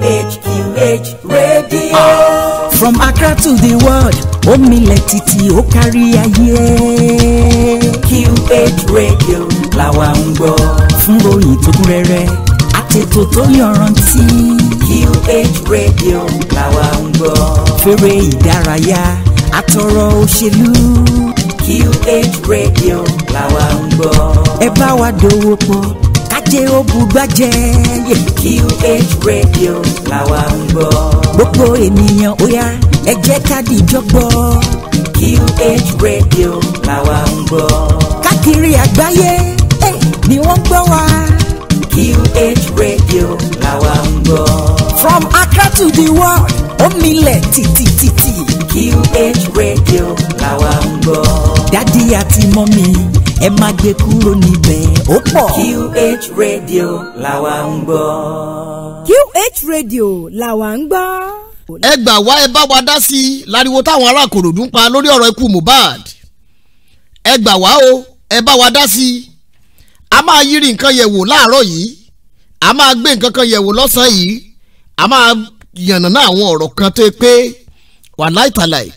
QH Radio. From Accra to the world, ó milẹ̀ o ó kárí QH Radio làwa ń gbọ́. Fún ròyìn tó kún rẹ́rẹ́, àtètò tó yọrantí. QH Radio làwa ń gbọ́. Fèrè ìdárayá, àtọ̀rọ̀ òṣèlú. QH Radio làwa ń gbọ́. Ẹ bá wa dòwò pọ̀ jẹ́ ó bùgbàjẹ́. QH radio làwa ń gbọ́. gbogbo ènìyàn ó yá ẹ jẹ́ ká dìjọ́ gbọ́. QH radio làwa ń gbọ́. káàkiri àgbáyé ni wọ́n ń gbọ́ wa. QH radio làwa ń gbọ́. from Accra to the world omilẹ̀ tìtìtìtì. QH radio làwa ń gbọ́. dádì àti mọ́mí ẹ má gbé kúrò níbẹ̀ ó pọ̀. QH radio làwa ń gbọ́. QH radio làwa ń gbọ́. ẹ gbà wá ẹ bá wa dá sí i láriwo táwọn ará Ìkòròdú ń pa lórí ọ̀rọ̀ ikú Mohbad ẹ gbà wá o ẹ bá wa dá sí i a máa yiri nǹkan yẹ̀ wò láàárọ̀ yìí a máa gbé nǹkan kan yẹ̀ wò lọ́sàn-án yìí a máa yànnàná àwọn ọ̀rọ̀ kan tó pé wà láìtàláì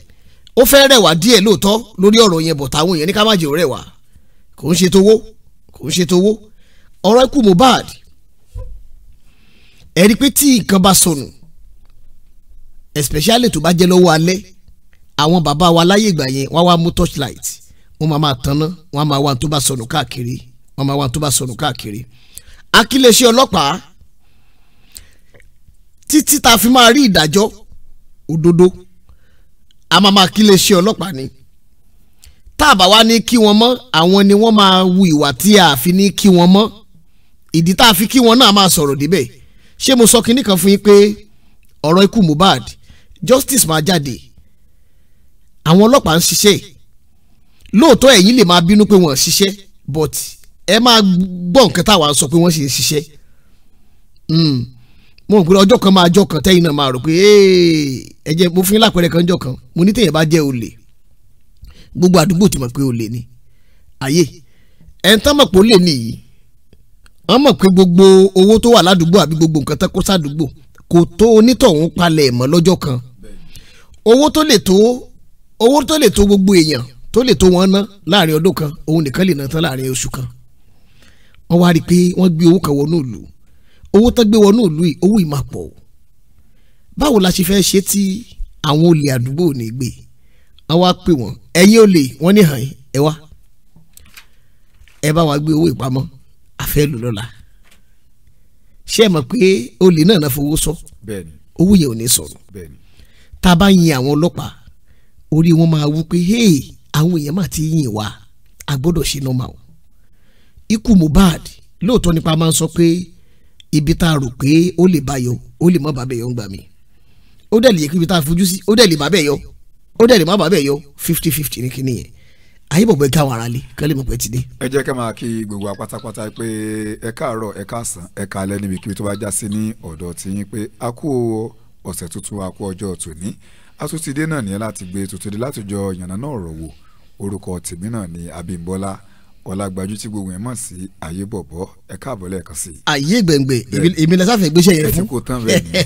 ó fẹ́ rẹwà díẹ̀ lóòótọ́ lórí ọ̀rọ̀ yẹn bọ̀ táwọn èèyàn ní ká má jẹ́ òrẹ́wà. kò ń ṣe towó kò ń ṣe towó ọ̀rọ̀ ikú Mohbad ẹ̀rí pé tí nǹkan bá sọnù especially tó bá jẹ́ lọ́wọ́ alẹ́ àwọn bàbá wa láyé ìgbà yẹn wọ́n wá mú torchlight wọ́n máa máa tanná wọ́n máa wá tó bá sọnù káàkiri wọ́n máa wá tó bá sọnù káàkiri akíléṣe ọlọ́pàá títí tá a fi máa rí ìdájọ́ òdodo a máa máa kíléṣe ọlọ́pàá ni tá a bá wá ní kí wọn mọ́ àwọn ni wọ́n máa wu ìwà tí a fi ní kí wọn mọ́ ìdí tá a fi kí wọn náà máa sọ̀rọ̀ débẹ̀ ṣé mo sọ kinní kan fún yín pé ọ̀rọ̀ ikú Mohbad justice máa jáde àwọn ọlọ́pàá ń ṣiṣẹ́ lóòótọ́ ẹ̀yin lè máa bínú pé wọ́n ṣiṣẹ́ but ẹ máa gbọ́ nǹkan táwa sọ pé wọ́n ṣe ń ṣiṣẹ́ hmm. mo rò pé ọjọ́ kan máa jọ kan tẹ́yìn náà máa rò pé ẹ jẹ́ mo fún yín lápẹẹrẹ kan jọ kan mo ní tèèyàn bá jẹ́ olè gbogbo àdúgbò ti mọ̀ pé olè ni ayé ẹ̀ ń tán mọ̀ pé olè ni yìí wọ́n mọ̀ pé gbogbo owó tó wà ládùúgbò àbí gbogbo nǹkan tán kó sádùúgbò kò tó onítọ̀hún palẹ̀ mọ́ lọ́jọ́ kan owó tó lè tó owó tó lè tó gbogbo èèyàn tó lè tó wọn ná láàrin ọdún kan òun nìkan lè ná tán láàrin oṣù kan wọ́n wá rí i pé wọ́n gbé owó kan wọnú ìlú owó tán gbé wọnú ìlú yìí owó yìí pọ̀ báwo la ṣe fẹ́ ṣe tí àwọn olè àdúgbò ní gbé a wá pè wọ́n ẹ̀yin ò lè wọ́n ní hàn ẹ wá ẹ bá wa gbé owó ìpamọ́ àfẹ́ lò lọ́la ṣé ẹ mọ̀ pé olè náà náà fowó sọ owó yẹn ò ní sọ̀rọ̀ tá a bá yin àwọn ọlọ́pàá orí wọn máa wú pé hey àwọn èèyàn máa ti yin wa a gbọ́dọ̀ ṣe nọ́mà o ikú Mohbad lóòótọ́ nípa máa ń sọ pé ibi tá a rò pé ó lè bá yọ ó lè má bàbẹ̀ yọ ń gbà mí ó dẹ̀ lè yẹ kí ibi tá a fojú sí ó dẹ̀ lè bàbẹ̀ yọ ó dẹ̀ lè má bàa bẹ̀ yọ fifty fifty ní kíní yẹn ayébọ̀gbẹ́ ká wàrà lé kálí mọ̀gbẹ́ ti dé. ẹ jẹ́ ká máa kí gbogbo wa pátápátá pé ẹ káàárọ̀ ẹ káàsán ẹ káalẹ́ níbi kí tó bá já sí ní ọ̀dọ̀ tiyín pé a kú ọ̀sẹ̀ tuntun a kú ọjọ́ tòní a tún ti dé náà nìyẹn láti gbé tuntun láti jọ yànnà náà rọ̀ wò orúkọ tèmi náà ni Abímbọ́lá ọlágbájú tí gbogbo ẹ mọ̀ sí ayé bọ̀bọ̀ ẹ káàbọ̀ lẹ́ẹ̀kan sí. ayé gbẹ̀ngbẹ̀ èmi lẹ́sàfẹ́ gbéṣẹ́ yẹn fún. ẹ ti kò tán bẹ́ẹ̀ ni.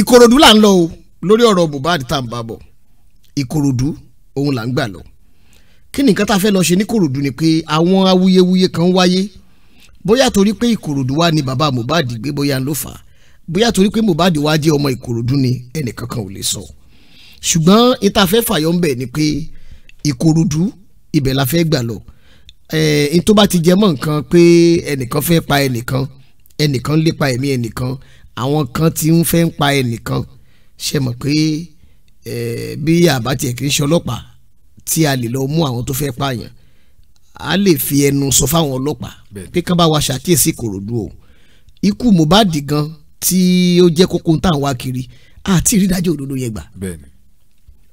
Ìkòròdú là ń lọ o lórí ọ̀rọ̀ Mohbad tá à ń bá bọ̀ Ìkòròdú òun là ń gbà lọ kí ni nǹkan tá a fẹ́ lọ ṣe ní Ìkòròdú ni pé àwọn awuyewuye kan wáyé bóyá torí pé Ìkòròdú wá ní bàbá Mohbad gbé bóyá ló fà á bóyá torí pé Mohbad wá jẹ́ ọmọ Ìkòròdú ni ẹnìkan kan ò lè sọ ṣùgbọ́n ìta fẹ́ fàyọ ń bẹ̀ ni pé Ìkòròdú ibẹ̀ la fẹ́ gbà lọ ẹ̀ẹ́n tó bá ti jẹ mọ́ nǹkan pé ẹnìkan fẹ́ pa ẹnìkan ẹnìkan lépa ẹ̀mí ẹnìkan àwọn kan ti ń fẹ́ pa ẹnìkan ṣe mọ̀ pé bí àbá tiẹ̀ kì í ṣe ọlọ́pàá tí a lè lọ mú àwọn tó fẹ́ pààyàn a lè fi ẹnu sọ fáwọn ọlọ́pàá pé kán bá wa ṣàkíyèsí Ìkòròdú o ikú Mohbad gan tí ó jẹ́ kókó tá à wá kiri àti ìrídájọ́ òdodo yẹn gbà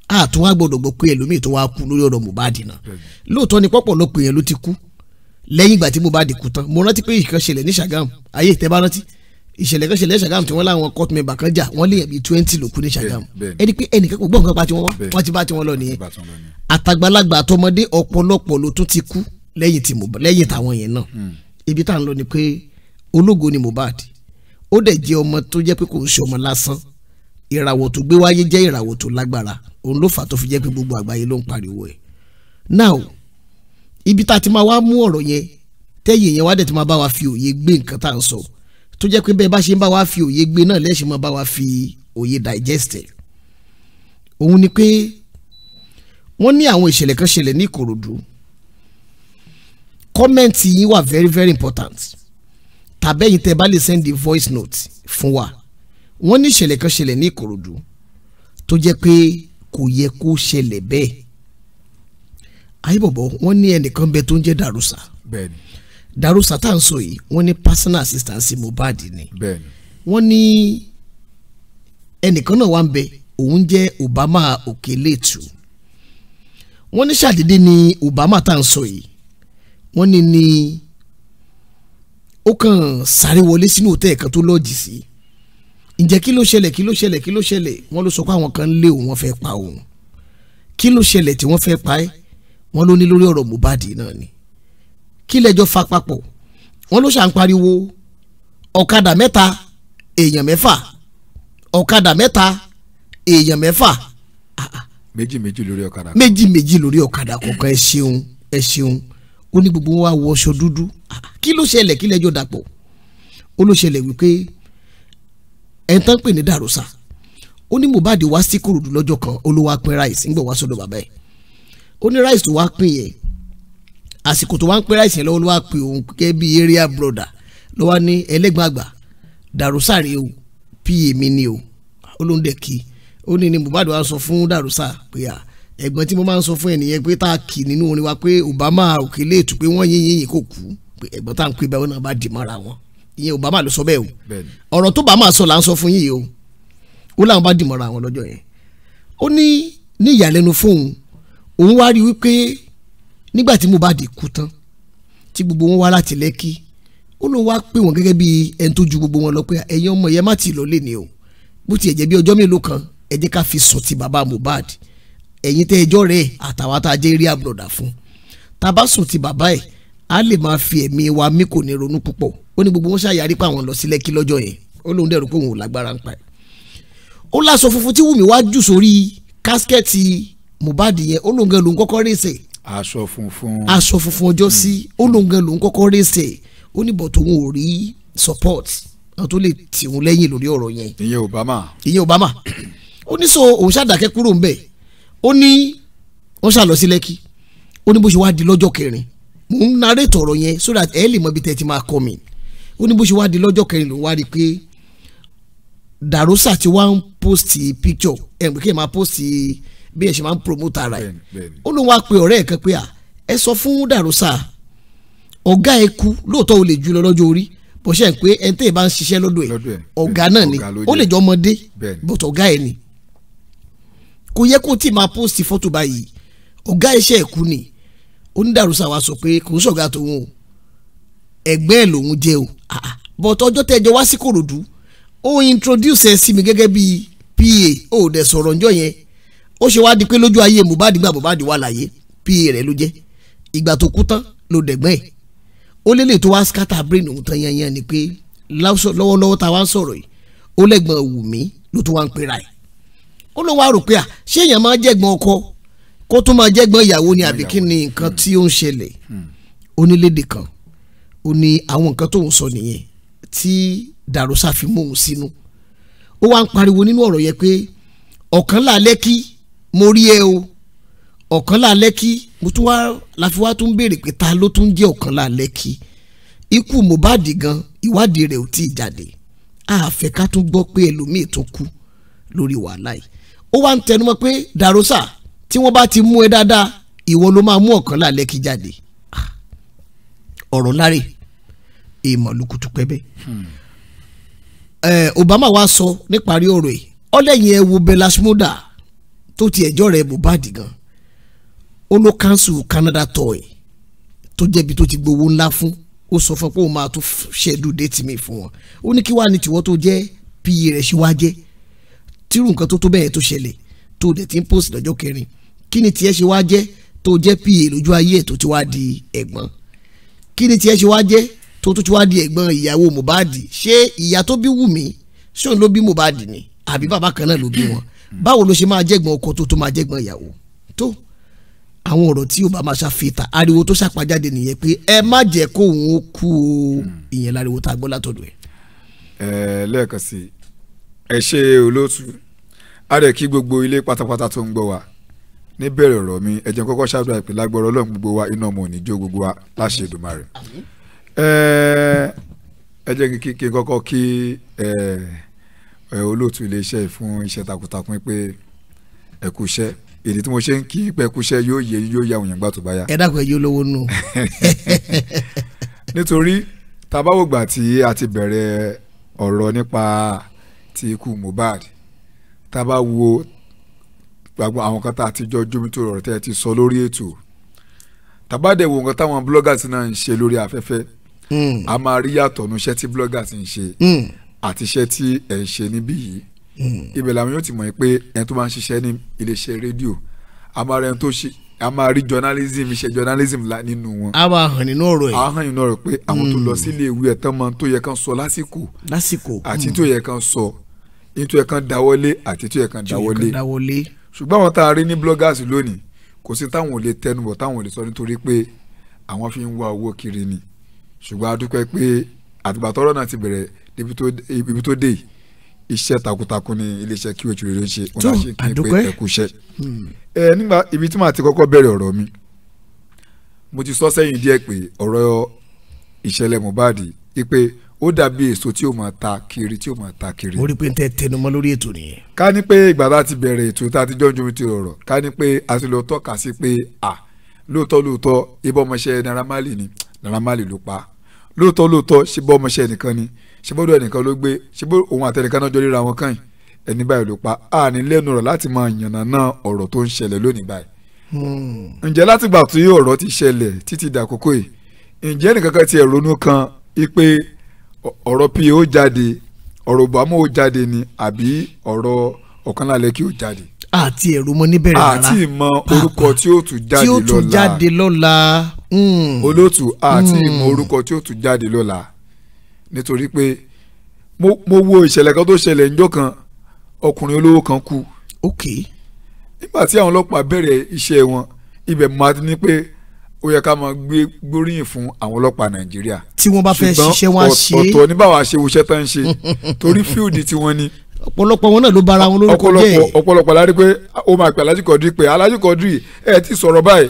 àtún wá gbọdọ̀ gbọ́ pé ẹlòmíì tó wá kú lórí ọ̀rọ̀ Mohbad náà lóòótọ́ ni pọ̀pọ̀lọpọ̀ èèyàn ló ti kú lẹ́yìn ìgbà tí Mohbad kú tán mo rántí pé ìkan ní Ṣàgámù ayé ìtẹ́bá rántí ìṣẹ̀lẹ̀ kan ṣẹlẹ̀ Ṣàgámù tí wọ́n láwọn court member kan jà wọ́n léyìn bíi twenty ló kú ní Ṣàgámù ẹni pé ẹnìkan kò gbọ́ nǹkan pa tiwọn wọ́n ti bá tiwọn lọ nìyẹn àtàgbàlagbà àtọmọdé ọ̀pọ̀lọpọ̀ ló tún ti kú lẹ́yìn tàwọn yẹn náà hmm. ibi tá à ń lọ ni pé ológo ni Mohbad ó dẹ̀ jẹ́ ọmọ tó jẹ́ pé kò ń ṣe ọmọ lásán ìràwọ̀ tó gbé wáyé jẹ́ ìràwọ̀ tó now ibi tá a ti máa wá mú ọ̀rọ̀ yẹn tẹ́yìn yẹn tó jẹ́ pé bẹ́ẹ̀ bá ṣe ń bá wa fi òye gbé náà lẹ́sìn mọ́ bá wa fi òye digest ẹ̀ òun ni pé wọ́n ní àwọn ìṣẹ̀lẹ̀ kan ṣẹlẹ̀ ní Ìkòròdú kọ́mẹ̀ntì yín wà very very important tàbẹ́yìn tẹ́ bá lè send the voice note fún wa wọ́n ní ìṣẹ̀lẹ̀ kan ṣẹlẹ̀ ní Ìkòròdú tó jẹ́ pé kò yẹ kó ṣẹlẹ̀ bẹ́ẹ̀ ayébọ̀bọ̀ wọ́n ní ẹnìkan bẹ tó ń jẹ́ Dàrúsà. bẹ́ẹ̀ni Daru satan à ń sọ yìí wọ́n ní personal assistant sí Mohbad ni wọ́n ní ẹnìkan náà wà ń bẹ òun jẹ́ Obama Okeletu wọ́n ní ṣàdédé ni Obama tá à ń sọ yìí wọ́n ní ni ó kàn sáré wọlé sínú òtẹ́ẹ̀ kan tó lọ́ọ̀jì sí ǹjẹ́ kí ló ṣẹlẹ̀ kí ló ṣẹlẹ̀ kí ló ṣẹlẹ̀ wọ́n ló sọ pé àwọn kan lé òun wọ́n fẹ́ pa òun kí ló ṣẹlẹ̀ tí wọ́n fẹ́ pa ẹ́ wọ́n ló ní lórí ọ̀rọ̀ Mohbad náà ni kí lẹ́jọ́ fa papọ̀ wọ́n ló ṣàn pariwo ọ̀kadà mẹ́ta èèyàn mẹ́fà ọ̀kadà mẹ́ta èèyàn mẹ́fà. Ah, ah. méjì méjì lórí ọ̀kadà kan méjì méjì lórí ọ̀kadà kọ̀ọ̀kan ẹ ṣeun ẹ ṣeun ó ní gbogbo wọn wá wọṣọ dúdú ah, kí ló ṣẹlẹ̀ kí lẹ́jọ́ dàpọ̀ ó ló ṣẹlẹ̀ wípé ẹ̀ ń tán pè ní dàrúsà ó ní Mohbad wá sí Ìkòròdú lọ́jọ́ kan ó ló wá ń gbọ̀ wá sọ́dọ̀ bàbá ẹ̀ ó ní ráìsì tó wá pín yẹn àsìkò tó wá ń pẹ́rẹ́ àìsàn lọ́wọ́ ló wá pè òun gẹ́gẹ́ bí area brother ló wá ní ẹlẹ́gbọ̀n àgbà dàrúsàrè o pa mi ni o olóńdẹ kí ó ní ní Mohbad wá sọ fún dàrúsà pé à ẹ̀gbọ́n tí mo máa ń sọ fún ẹnìyẹn pé tá a kì nínú orin wa pé Obama òkè léètù pé wọ́n yín yín kò kú pé ẹ̀gbọ́n tá à ń pè báwọn náà bá dì mọ́ra wọn ìyẹn Obama ló sọ bẹ́ẹ̀ o ọ̀rọ̀ tó bá máa sọ là ń sọ fún yìí o ó láwọn bá dì mọ́ra wọn lọ́jọ́ yẹn ó ní ní ìyàlẹ́nu fóun òun wá rí wípé nígbà tí Mohbad kú tán tí gbogbo wọn wá láti lẹ́kí ó ló wá pè wọ́n gẹ́gẹ́ bí ẹni tó ju gbogbo wọn lọ pé ẹ̀yin ọmọ yẹn má ti lọ lé ní o bó tiẹ̀ jẹ́ bí ọjọ́ mélòó kan ẹ jẹ́ ká fi sùn ti bàbá Mohbad ẹ̀yin tẹ́ ẹjọ́ rẹ̀ àtàwọn tá a jẹ́ rí àbùdọ̀dà fún tá bá sùn ti bàbá ẹ̀ á lè máa fi ẹ̀mí wa mí kò ní ronú púpọ̀ ó ní gbogbo wọn ṣàyàrí pa àwọn lọ sí lẹ́kí lọ́jọ́ yẹn ó lóun dẹ̀rù pé òun ò lágbára ń pa ẹ̀ ó láṣọ funfun tí Wùmí wá jù sórí kásikẹ́ẹ̀tì Mohbad yẹn ó lóun gan lòun kọ́kọ́ rèsè aṣọ funfun aṣọ funfun ọjọ́ sí hmm. ó lóun kọ́kọ́ rèsè ó níbọ̀ tóun ò rí support àwọn tó lè tì òun lẹ́yìn lórí ọ̀rọ̀ yẹn. ìyẹn Obama. ìyẹn Obama ó ní so òun ṣàdàkẹ́ kúrò ńbẹ̀ ó ní wọ́n ṣàlọ́ sí lẹ́kì ó ní bó ṣe wá di lọ́jọ́ kẹrin mò ń narrate ọ̀rọ̀ yẹn so that ẹ lè mọ ibi tẹ́ ti máa kọ́ mi ó ní bó ṣe wá di lọ́jọ́ kẹrin ló wá rí i pé Darosa ti wá ń post picture ẹ̀ ń pè kí ẹ máa post picture bí ẹ ṣe máa ń promote ara ẹ ó ló wá pe ọ̀rẹ́ ẹ̀ kan pé à ẹ sọ fún dàrúsà ọ̀gá ẹ kú lóòótọ́ o lè jù lọ́jọ́ orí bó ṣe ń pé ẹni tẹ́ ẹ bá ń ṣiṣẹ́ lọ́dọ̀ ẹ̀ ọ̀gá náà ni ó lè jọ ọmọdé bọ́tọ̀ ọ̀gá ẹ̀ ni kò yẹ kó tí máa post fọ́tò báyìí ọ̀gá iṣẹ́ ẹ̀ kú ni onídàrúsà wa sọ pé kò ń ṣọ̀gá tòun o ẹ̀gbẹ́ ẹ̀ lòun jẹ́ o bọ́tọ̀ ọjọ́ tẹ́ ẹ jọ wá sí Kòròdú ó introduce ẹ sí mi gẹ́gẹ́ bíi pa ó dẹ̀ sọ̀rọ̀ ǹjọ́ yẹn ó ṣe wá di pé lójú ayé Mohbad gba Mohbad wà láyé pa rẹ̀ ló jẹ́ ìgbà tó kú tán ló dẹ̀gbẹ́ ẹ̀ ó lélẹ̀ tó wá scatter brain òun tán yanyan ni pé lọ́wọ́lọ́wọ́ tá a wá ń sọ̀rọ̀ yìí ó lẹ́gbọ̀n Wùmí ló tó wá ń pera ẹ̀ ó ló wá rò pé à ṣé èèyàn máa jẹ́gbọ́n ọkọ kó tó máa jẹ́gbọ́n ìyàwó ni àbí kí ni nǹkan tí ó ń ṣẹlẹ̀ onílédè kan ó ní àwọn nǹkan tó ń sọ nìyẹn tí dàrúsà fi mú òun sínú ó wá ń pariwo nínú ọ̀rọ̀ yẹn pé ọ̀kan là lẹ́kí mo rí ẹ o ọ̀kànlá lẹ́kì mo tún wá láfi wá tún béèrè pé ta ló tún jẹ́ ọ̀kànlá lẹ́kì ikú Mohbad gan ìwádìí rẹ̀ ò tí ì jáde àfẹ́ ká tún gbọ́ pé ẹlòmíì tún kú lórí wàhálà yìí ó wá ń tẹnumọ́ pé dàrósà tí wọ́n bá ti mú ẹ dáadáa ìwọ ló máa mú ọ̀kànlá lẹ́kì jáde ah, ọ̀rọ̀ láre èèmọ̀ lukutu pẹ́bẹ́ hmm. Obama wá sọ níparí ọ̀rọ̀ yìí ọlẹ́yìn ẹ wo Bella tó ti ẹjọ́ rẹ̀ Mohbad gan ó ló Canada toy tó jẹ́bi tó ti gbowó ńlá fún ó sọ fún pé òun máa tún ṣẹ́dú déètì mi fún wọn ó ní kí wàá ní tìwọ́ tó jẹ́ pa rẹ̀ ṣe wá jẹ́ tírú nǹkan tó tó bẹ́ẹ̀ tó ṣẹlẹ̀ tó dẹ̀ ti ń post lọ́jọ́ kẹrin kí ni tiẹ̀ ṣe wá jẹ́ tó jẹ́ pa lójú ayé ẹ̀ tó ti wá di ẹ̀gbọ́n kí ni tiẹ̀ ṣe wá jẹ́ tó tó ti wá di ẹ̀gbọ́n ìyàwó Mohbad ṣé ìyá tó bí Wùmí ṣóun ló bí Mohbad ni àbí bàbá kan náà ló bí wọn báwo ló ṣe máa jẹ́gbọ́n ọkọ tó tó máa jẹ́gbọ́n ìyàwó tó àwọn ọ̀rọ̀ tí yóò bá máa ṣàfihàn ariwo tó ṣàpàjáde nìyẹn pé ẹ má jẹ́ kó òun kú o ìyẹn láriwo tá a gbọ́ látọ̀dọ̀ ẹ̀. ẹ lẹ́ẹ̀kan sí ẹ ṣe olóòtú a rẹ̀ kí gbogbo ilé pátápátá tó ń gbọ́ wa níbẹ̀rẹ̀ ọ̀rọ̀ mi ẹ jẹ́ kọ́kọ́ ṣàdúrà ìpè lágbọ́rọ̀ ọlọ́run gbogbo wa iná ọmọ òní jó gbogbo wa láṣẹ Èdùmàrè ẹ jẹ́ kí n kọ́kọ́ kí ẹ̀ẹ́ olóòtú iléeṣẹ́ fún iṣẹ́ takuntakun pé ẹ kú iṣẹ́ èdè tí mo ṣe ń kí pé ẹ kú iṣẹ́ yóò yẹ yóò yà òyìnbá tó bá yá. ẹ dákun ẹjọ olówó nù. nítorí tabawogba tí a ti bẹ̀rẹ̀ ọ̀rọ̀ nípa ti ikú Mohbad tábà wo gbogbo àwọn kan tá a ti jọ jómi tó rọrọ tẹ́ ẹ ti sọ lórí ètò tàbádẹ nǹkan táwọn bloggers náà ń ṣe lórí afẹ́fẹ́ hmm. a máa rí yàtọ̀ níṣẹ́ tí bloggers ń ṣe hmm àti iṣẹ́ tí ẹ̀ ń ṣe níbí yìí hmm. ibẹ̀ làwọn yóò ti mọ̀ pé ẹni tó máa ń ṣiṣẹ́ ní iléeṣẹ́ rédíò a máa rẹ ẹni tó ṣe a máa rí journalism iṣẹ́ journalism la nínú wọn. a máa hàn nínú ọ̀rọ̀ yìí. a hàn nínú ọ̀rọ̀ pé àwọn tó lọ hmm. sílé ìwé ẹ̀ tán máa ń tó yẹ kán sọ lásìkò. lásìkò àti hmm. tó yẹ kán sọ ní tó yẹ kán dáwọ́lé àti tó yẹ kán dáwọ́lé. ṣùgbọ́n àwọn tá a rí ní bloggers lónìí kò sí táwọn ò lè tẹnubọ̀ táwọn ò lè sọ nítorí pé àwọn fi ń wá owó kiri ni ṣùgbọ́n a dúpẹ́ pé àtìgbà náà ti bẹ̀rẹ̀ ibi tó dé yìí iṣẹ́ takuntakun ni iléeṣẹ́ QH rere ń ṣe òun àṣẹ kí n pé ẹ̀kú iṣẹ́. Hmm. ẹ nígbà ibi tí màá ti kọ́kọ́ bẹ̀rẹ̀ ọ̀rọ̀ mi mo ti sọ sẹ́yìn díẹ̀ pé ọ̀rọ̀ ìṣẹ̀lẹ̀ Mohbad pé ó dàbí èso tí ó máa ta kiri tí ó máa ta kiri. mo rí i pé n tẹ tẹnumọ́ lórí ètò nìyẹn. ká ní pé ìgbà tá a ti bẹ̀rẹ̀ ètò tá a ti jọ́njú mi ti rọ̀rọ̀ ká ní pé a ti lọ tọ́ka sí pé à lóòótọ́ lóòótọ́ ibà Naira Marley ni Naira Marley ló pa lóòótọ́ lóòótọ́ ṣe bọ́ nìkan ni ṣebọ́dọ̀ ẹnìkan ló gbé ṣebó òun àtẹnìkan náà jọ ríra wọn kàn yìí ẹni báyìí ló pa á ní lẹ́nu rẹ̀ láti máa yànnàná ọ̀rọ̀ tó ń ṣẹlẹ̀ lónìí báyìí. Hmm. ǹjẹ́ látìgbà tí ọ̀rọ̀ ti ṣẹlẹ̀ títí dàkókò yìí ǹjẹ́ nìkankan tiẹ̀ ronú kan pé ọ̀rọ̀ pa ó jáde ọ̀rọ̀ bàmú ó jáde ni àbí ọ̀rọ̀ ọ̀kanlálẹ̀ kí ó jáde. àti ẹ̀rù mọ níbẹ̀rẹ̀ rárá àti ìmọ hmm. hmm. orúkọ tí ó tún jáde lọ́la tí àti ìmọ orúkọ tí ó tún jáde lọ́la nítorí pé mo wo ìṣẹ̀lẹ̀ kan tó ṣẹlẹ̀ níjọ́ kan ọkùnrin olówó kan kú. ok. nígbà tí àwọn ọlọ́pàá bẹ̀rẹ̀ iṣẹ́ wọn ibẹ̀ máa ní pé ó yẹ ká máa gbé gbóríyìn fún àwọn ọlọ́pàá nàìjíríà. tí wọ́n bá fẹ́ ṣiṣẹ́ wọn ṣe. ṣùgbọ́n ọ̀tọ̀ ní báwa ṣe wuṣẹ́ tán ṣe torí fíìdì tí wọ́n ní ọ̀pọ̀lọpọ̀ wọn náà ló bara wọn lórúkọ jẹ́ ọ̀pọ̀lọpọ̀ la rí pé ó máa pè Alhaji Quadri pé Alhaji Quadri ẹ ti sọ̀rọ̀ báyìí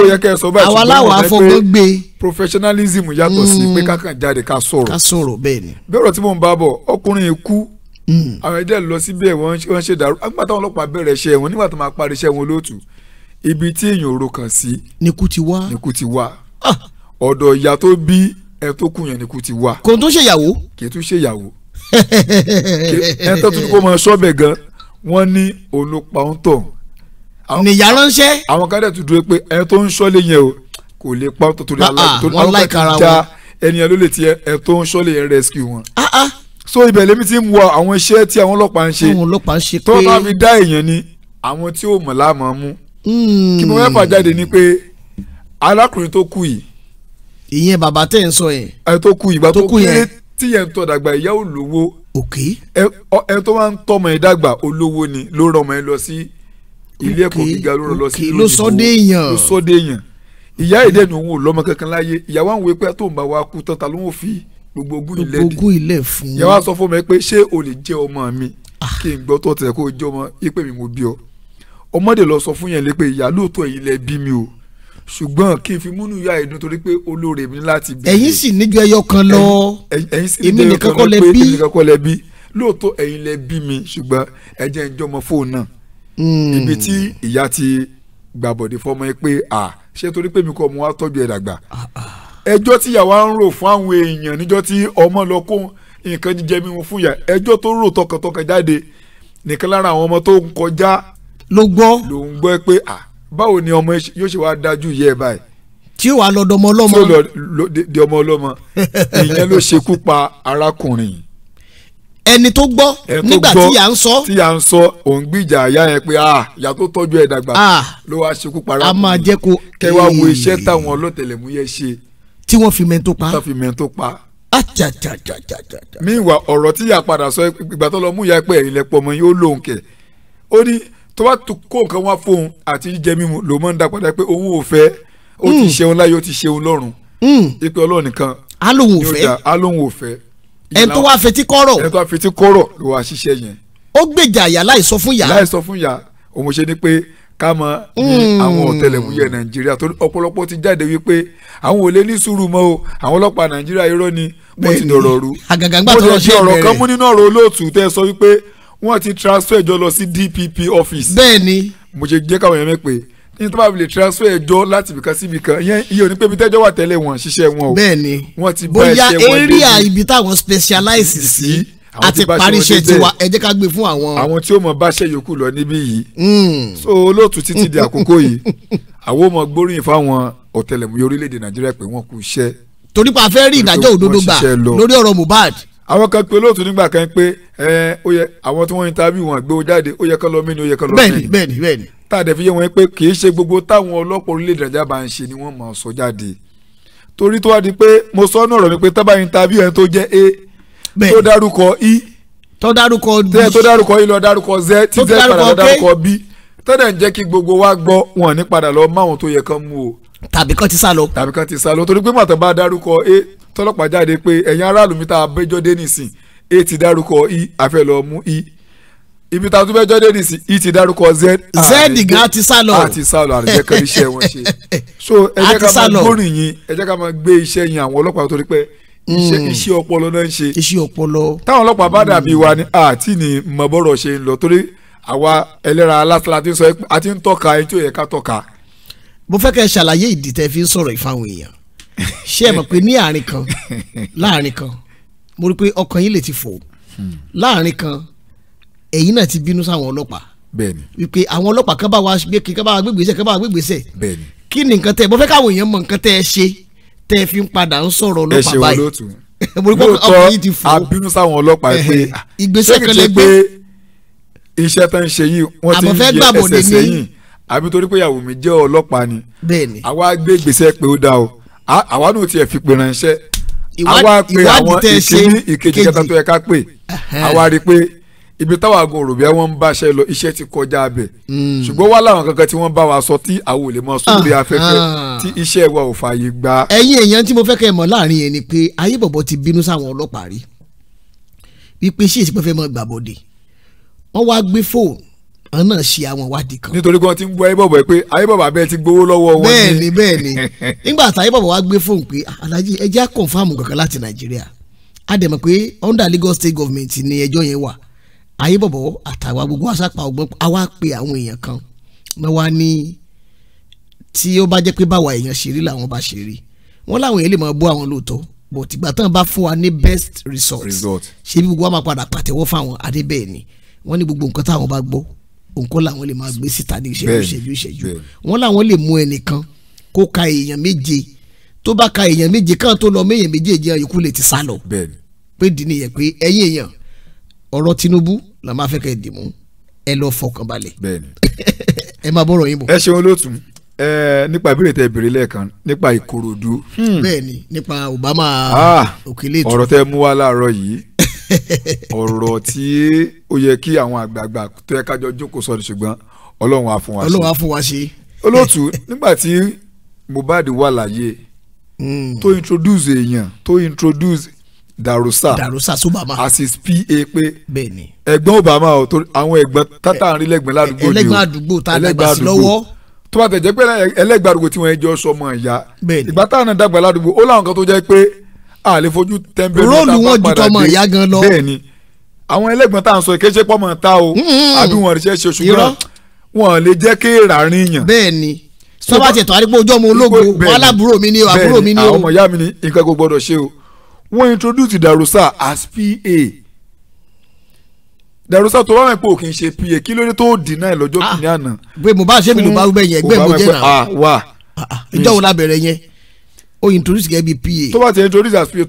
ó yẹ kẹ́ ẹ sọ báyìí àwa láwa afọgbọ́n gbé professionalism yàtọ̀ sí pé hmm. kákan jáde ká sọ̀rọ̀ ká sọ̀rọ̀ bẹ́ẹ̀ ni. bẹ́ẹ̀rọ̀ tí mò ń bá bọ̀ ọkùnrin ikú hmm. àwọn ẹ̀dẹ́ lọ síbẹ̀ wọ́n ń ṣe dàrú nígbà táwọn ọlọ́pàá bẹ̀rẹ̀ iṣẹ́ wọn nígbà tó máa parí iṣẹ́ wọn lóòtù ibi tí èèyàn ò rokàn sí. nikú ti wá nikú ti wá ah. ọ̀dọ̀ ìyá tó bí ẹ tó kùyàn nikú ti wá. kò tún ṣèyàwó. kì í tún ṣèyàwó ẹni tó tún kó mọ sọ́ọ̀bẹ̀ gan wọ́n ní òun ló nìyá ránṣẹ́. àwọn kan dẹ̀ tún dúró pé ẹni tó ń sọ́lé yẹn o kò lè pa òun tọ̀ torí ah, aláìkara ah, wọn ẹnìyàn ló lè ti ẹ tó ń sọ́lé yẹn rescue wọn. Ah, so ibẹ̀ lèmi ti ń wo àwọn iṣẹ́ tí àwọn ọlọ́pàá ń ṣe. tó bá fi dá èèyàn ni àwọn tí ò mọ̀ láàmú mú. Hmm. kí mo fẹ́ jáde ni pé arákùnrin tó kú yìí. ìyẹn bàbá tẹ̀ ń sọ yẹn. ẹ tó kú ìgbà tó kéré tíyẹn ń tọ́ dàgbà ìyá ò lówó ẹ tó wá ń tọmọ ẹ dàgbà olówó ni ló rọmọ ẹ lọ sí ilé ẹ̀kọ́ gíga ló rọ lọ sí ló sọ déèyàn ló sọ déèyàn ìyá èdè ni òun ò lọ́mọ kankan láyé ìyàwó àwọn epẹ́ tó ń bá wa kú tán ta ló ń fi gbogbo ogún ilẹ̀ di gbogbo ilẹ̀ fún ìyàwó sọ fún mi pé ṣé o lè jẹ́ ọmọ mi ah. kí n gbọ́ tó kó o jẹ́ ọmọ ipe mi mo bí ọ ọmọdé lọ sọ fún yẹn lé pé ìyá lóòótọ́ ẹ̀yin bí mi o ṣùgbọ́n kí n fi múnú yá ẹ̀dùn torí pé olóore mi láti bí. ẹ̀yin sì níjọ ẹyọ kan lọ èmi nìkan kọ́ lẹ bí èmi nìkan lẹ bí lóòótọ́ ẹ̀yin lẹ bí mi ṣùgbọ́n ẹ jẹ́ n jọmọ fóònù náà hmm. ibi tí ìyá ti gbàbọ̀dé fọmọ yẹn pé à ṣé torí pé mi kọ́ ọmọ wa tọ́jú ẹ̀ dàgbà ah, ah. ẹjọ́ tí ìyàwó ń rò fún àwọn èèyàn níjọ́ tí ọmọ lọ kó nǹkan jíjẹ mímu fún ìyá ẹjọ́ tó rò tọkàntọkàn jáde nìkan lára àwọn ọmọ tó ń kọjá ló gbọ́ ló ń gbọ́ pé à báwo ni ọmọ yóò ṣe wá dájú yẹ ẹ báyìí. tí ó wàá lọ dọmọ ọlọmọ. tí ó lọ di ọmọ ọlọmọ ìyẹn ló ṣekú pa arákùnrin. ẹni tó gbọ́ nígbà tí yà ń sọ. tí yà ń sọ òun gbìjà ìyá yẹn pé ìyá tó tọ́jú ẹ̀ dàgbà ló wá ṣekú pa arákùnrin. a máa jẹ́ ko. kẹwàá wo iṣẹ́ táwọn ọlọ́tẹlẹ̀múyẹ́ ṣe. tí wọ́n fi mẹ́ńtó pa. wọ́n fi mẹ́ńtó pa mi wa ọ̀rọ̀ tí yà padà sọ ya pé ẹ̀yìn lẹ́pọ̀ ọmọ tó bá tún kó nǹkan wá fóun àti jíjẹ mímu ló máa ń dá padà pé òun ò fẹ́ ó ti hmm. ṣeun láyé ó ti ṣeun lọ́run ipe hmm. ọlọ́run nìkan alóhùn ò fẹ́ alóhùn ò fẹ́. ẹni tó wá fetí kọ́rọ̀ ẹni tó wá fetí kọ́rọ̀ ló wá ṣiṣẹ́ yẹn. ó gbèjà àyà láìsọ fún yà. láìsọ fún yà òun ṣe ni pé ká mọ hmm. àwọn ọ̀tẹlẹ̀múyẹ́ nàìjíríà tó ọ̀pọ̀lọpọ̀ ti jáde wípé àwọn ò lè ní sùúrù mọ́ o àwọn ọlọ́pàá nàìjíríà irọ́ ni wọ́n ti dọ̀rọ̀ rú. àgàgàgbà tó lọ sí ọ̀rọ̀ kan mú nínú ọ̀rọ̀ olóòtú tẹ́ sọ wípé wọ́n ti transfer ẹjọ́ lọ sí DPP office. bẹ́ẹ̀ni. mo ṣe jẹ́ káwọn yẹn mẹ́ pé ní tó bá fi lè transfer ẹjọ́ láti ibìkan sí ibìkan yẹn iye òní pé ibi tẹ́jọ́ wà tẹ́lẹ̀ wọn ṣiṣẹ́ wọn o. bẹ́ẹ̀ni wọ́n ti bá ẹṣẹ wọn débi. bóyá area ibi táwọn specialize sí àti parí iṣẹ́ tiwa ẹ jẹ́ ká gbé fún àwọn. àwọn tí ó mọ báṣẹ yòókù lọ níbí yìí. Hmm. so olóòtú títí di àkókò yìí àwọn ọmọ gbóríyìn fáwọn ọ̀tẹlẹ̀múyẹ́ orílẹ̀-èdè Nàìjíríà pé wọ́n kú iṣẹ́. torípa fẹ́ rí ìdájọ́ òdodo gbà lórí ọ̀rọ̀ Mohbad àwọn kan pe olóòtú nígbà kan pé ẹ ó yẹ àwọn tí wọ́n interview wọn gbé o jáde ó yẹ kán lọ mí ni ó yẹ kán lọ mí. bẹ́ẹ̀ni bẹ́ẹ̀ni bẹ́ẹ̀ni. tá a dẹ̀ fi yé wọn pé kì í ṣe gbogbo táwọn ọlọ́pàá orílẹ̀-èdè nàìjíríà bá ń ṣe ni wọ́n máa sọ jáde torí tó wá di pé mo sọ ọ́nà ọ̀rọ̀ mi pé tábà interview ẹni tó jẹ́ a tó dárúkọ i e, tó dárúkọ b tó dárúkọ i e lọ dárúkọ z tí z padà dárúkọ b tàbí kán ti sá tàbí kán ti sá torí pé màtọ́ dárúkọ a tọ́lọ́pàá jáde pé ẹ̀yin aráàlú mi tá a bẹ́jọ́ dé nìsín a ti dárúkọ i àfẹ́ lọ mú i ibi tá a tún bẹ́jọ́ dé nìsín i ti dárúkọ z. z gan ti sá lọ. a ti sá lọ àrùjẹ́ kan iṣẹ́ wọn ṣe. so ẹ jẹ́ ká máa gbórin yín ẹ jẹ́ ká máa gbé iṣẹ́ yín àwọn ọlọ́pàá torí pé iṣẹ́ mm. iṣẹ́ ọpọlọ náà ń ṣe. iṣẹ́ ọpọlọ. táwọn ọlọ́pàá bá dàbí mm. wa ni àti ni mọ bọ́rọ̀ ṣe ń lọ torí àwa ẹlẹ́ra alásàlá ti ń sọ àti ń tọ́ka ẹni tí ò yẹ ká tọ́ka. mo fẹ́ kẹ́ ṣàlàyé ìdí tẹ́ fi ń sọ̀rọ̀ ìfáwọn èèyàn ṣé ẹ mọ̀ pé ní àárín kan láàárín kan mo rí pé ọkàn yín lè ti fò láàárín kan ẹ̀yin náà ti bínú sáwọn ọlọ́pàá bẹ́ẹ̀ni wípé àwọn ọlọ́pàá kan bá wa gbé kan bá wa gbégbèsè kan bá wa gbégbèsè bẹ́ẹ̀ni kí ni nǹkan tẹ mo fẹ́ káwọn èèyàn mọ̀ nǹkan tẹ ẹ ṣe tẹ ẹ fi ń padà ń sọ̀rọ̀ ọlọ́pàá báyìí lóòótọ́ abínú sáwọn ọlọ́pàá pé ìgbésẹ̀ kan lè gbé iṣẹ́ tó ń ṣe yìí wọ́n ti yẹ ẹsẹ̀ sẹ́yìn àbí torí pé ìyàwó mi jẹ́ ọlọ́pàá ni àwa gbé ìgbésẹ̀ pé ó dáa o àwa náà tiẹ̀ fi pè ránṣẹ́ àwa pe àwọn ìkíní ìkejì kẹta tó yẹ ká pè àwa rí i pé ibi táwọn aago òròbí wọn ń báṣẹ lọ iṣẹ́ ti kọjá abẹ hmm. ṣùgbọ́n wà láwọn kankan tí wọ́n bá wa sọ tí àwọn ò lè mọ sórí afẹ́fẹ́ tí iṣẹ́ wa ò fààyè gbà. ẹ̀yin èèyàn tí mo fẹ́ kẹ́ ẹ mọ̀ láàrin yẹn ni pé ayé bọ̀bọ̀ ti bínú sáwọn ọlọ́pàá rí wípé ṣé èsì pé fẹ́ mọ gbàbọ̀dè wọ́n wá gbé fóònù àwọn náà ṣe àwọn ìwádìí kan. nítorí pé wọ́n ti ń gbọ́ ayébọ̀bọ̀ pé ayébọ̀bọ̀ abẹ́ ti gbowó lọ́wọ́ wọn. bẹ́ẹ̀ni bẹ́ẹ̀ni nígbà tí ayébọ̀bọ̀ wa gbé fóun pé ah, alájí ẹjẹ́ á kọ̀ǹfàmù kankan láti nàìjíríà a dẹ̀ mọ̀ pé under Lagos state government ni ẹjọ́ yẹn wà ayébọ̀bọ̀ àtàwọn gbogbo àṣàpà ọgbọ́n àwa pe àwọn èèyàn kan wọ́n ní tí ó bá jẹ́ pé báwa èèyàn ṣe rí làwọn bá ṣe rí wọ́n láwọn èèyàn lè máa bú àwọn lóòótọ́ bọ̀ tìgbà tán bá fún wa ní best result ṣé bí gbogbo wa máa padà pàtẹ́wọ́ fáwọn adébẹ́ẹ̀ ni wọ́n ní gbogbo nǹkan táwọn bá gbọ́ òǹkọ́ làwọn lè máa gbé síta ní ìṣẹ́jú ìṣẹ́jú ìṣẹ́jú wọ́n làwọn lè mú ẹnìkan kó ka èèyàn méje tó bá ka èèyàn méje káwọn tó lọ méèyàn méjèèjì yòókù lè ti sá lọ pé dì nìyẹn pé ẹ̀yin èèyàn ọ̀rọ̀ Tinubu la máa fẹ́ kẹ́ ẹ dì mú ẹ lọ fọkàn balẹ̀ ẹ máa bọ̀rọ̀ yín bọ̀. ẹ ṣeun lótùú nípa ìbéèrè tẹ ìbéèrè lẹ́ẹ̀kan nípa Ìkòròdú. Hmm. bẹ́ẹ̀ni nípa Obama ah, òkèlè ètò ọ̀rọ̀ tẹ mú wá láàárọ̀ yìí ọ̀rọ̀ tí ó yẹ kí àwọn àgbààgbà tó yẹ kájọ jókòó sọ ni ṣùgbọ́n ọlọ́run á fún wa ṣe. ọlọ́run á fún wa ṣe. olóòtú nígbà tí Mohbad wà láyé hmm. tó introduce èèyàn tó introduce darusa darusa subama as his pa pé bẹ́ẹ̀ni ẹ̀gbọ́n obama o tó tata ẹ̀gbọ́n tátàrin lẹ́gbẹ̀ẹ́ ládùúgbò ni o ẹlẹ́gbẹ̀ẹ́ àdúgbò tá a dàgbà sí lọ́wọ́ tó bá tẹ̀ jẹ́ pé ẹlẹ́gbẹ̀ẹ́ àdúgbò tí wọ́n jọ sọmọ ìyá ìgbà táwọn náà dàgbà ládùúgbò ó láwọn kan tó jẹ́ pé a lè fojú tẹ́ńbẹ́lú róòlù wọn ju tọmọ ìyá gan lọ. bẹ́ẹ̀ni àwọn ẹlẹgbọn tá à ń sọ ìkéṣe pọmọ ta o mm-hmm. àbí wọn ríṣẹ ṣe ṣùgbọ́n wọn lè jẹ́ kí ìràrin yàn. bẹ́ẹ̀ni sọba tẹtọ àdìpọ ojú ọmọ ológo wàhálà àbúrò mi ni o àbúrò mi ni o. àwọn ọmọ ìyá mi ni nǹkan kò gbọdọ̀ ṣe o wọ́n introduce darusa as pa darusa tó bá mọ̀ pé o kì í ṣe pa kí ló dé tó dì náà lọ́jọ́ kìnìún àná. Ah, pé mo bá ṣe mi ló bá rú bẹ́ẹ̀ yẹn ẹgbẹ́ mo jẹ́ náà. Ah, ó introduce gẹ́gẹ́ bí pa. tó bá ti introduce as pa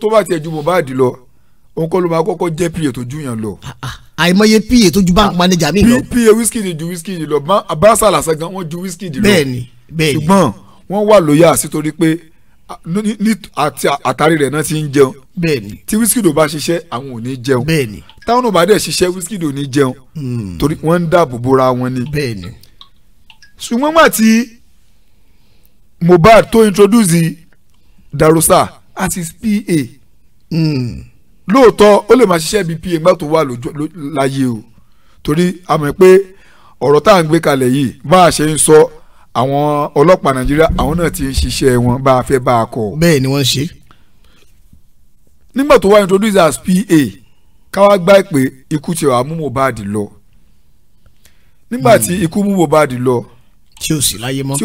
tó bá ti ẹ̀ ju Mohbad lọ òun kọ́ ló máa kọ́kọ́ jẹ́ pa tó ju yàn lọ. Ah, ah, àìmọye pa tó ju bank manager mi lọ. pa Wizkid ju Wizkid lọ abasa làṣà gan wọn ju Wizkid lọ. bẹ́ẹ̀ni bẹ́ẹ̀ni ṣùgbọ́n wọn wà lóyà sítorí pé àtàrí rẹ̀ náà ti ń jẹun bẹ́ẹ̀ni tí Wizkid ò bá ṣiṣẹ́ àwọn ò ní jẹun bẹ́ẹ̀ni táwọn ò bá dẹ̀ ṣiṣẹ́ Wizkid ò ní jẹun hmm. torí wọ́n ń dáàbò bora wọn ni. bẹ́ẹ̀ni ṣùgbọ́n wà tí Mohbad tó introduce Darosa as his PA mm. lóòótọ́ ó lè máa ṣiṣẹ́ bíi PA nígbà tó wà láyé o torí a mọ̀ pé ọ̀rọ̀ tá à ń gbé kalẹ̀ yìí bá a ṣe ń sọ àwọn ọlọ́pàá Nàìjíríà àwọn náà ti ń ṣiṣẹ́ wọn bá a fẹ́ bá a kọ. bẹ́ẹ̀ ni wọ́n ṣe. nígbà tó wá introduce as PA káwá gbá ìpè ikú tí wàá mú Mohbad lọ nígbà hmm. tí ikú mú Mohbad lọ tí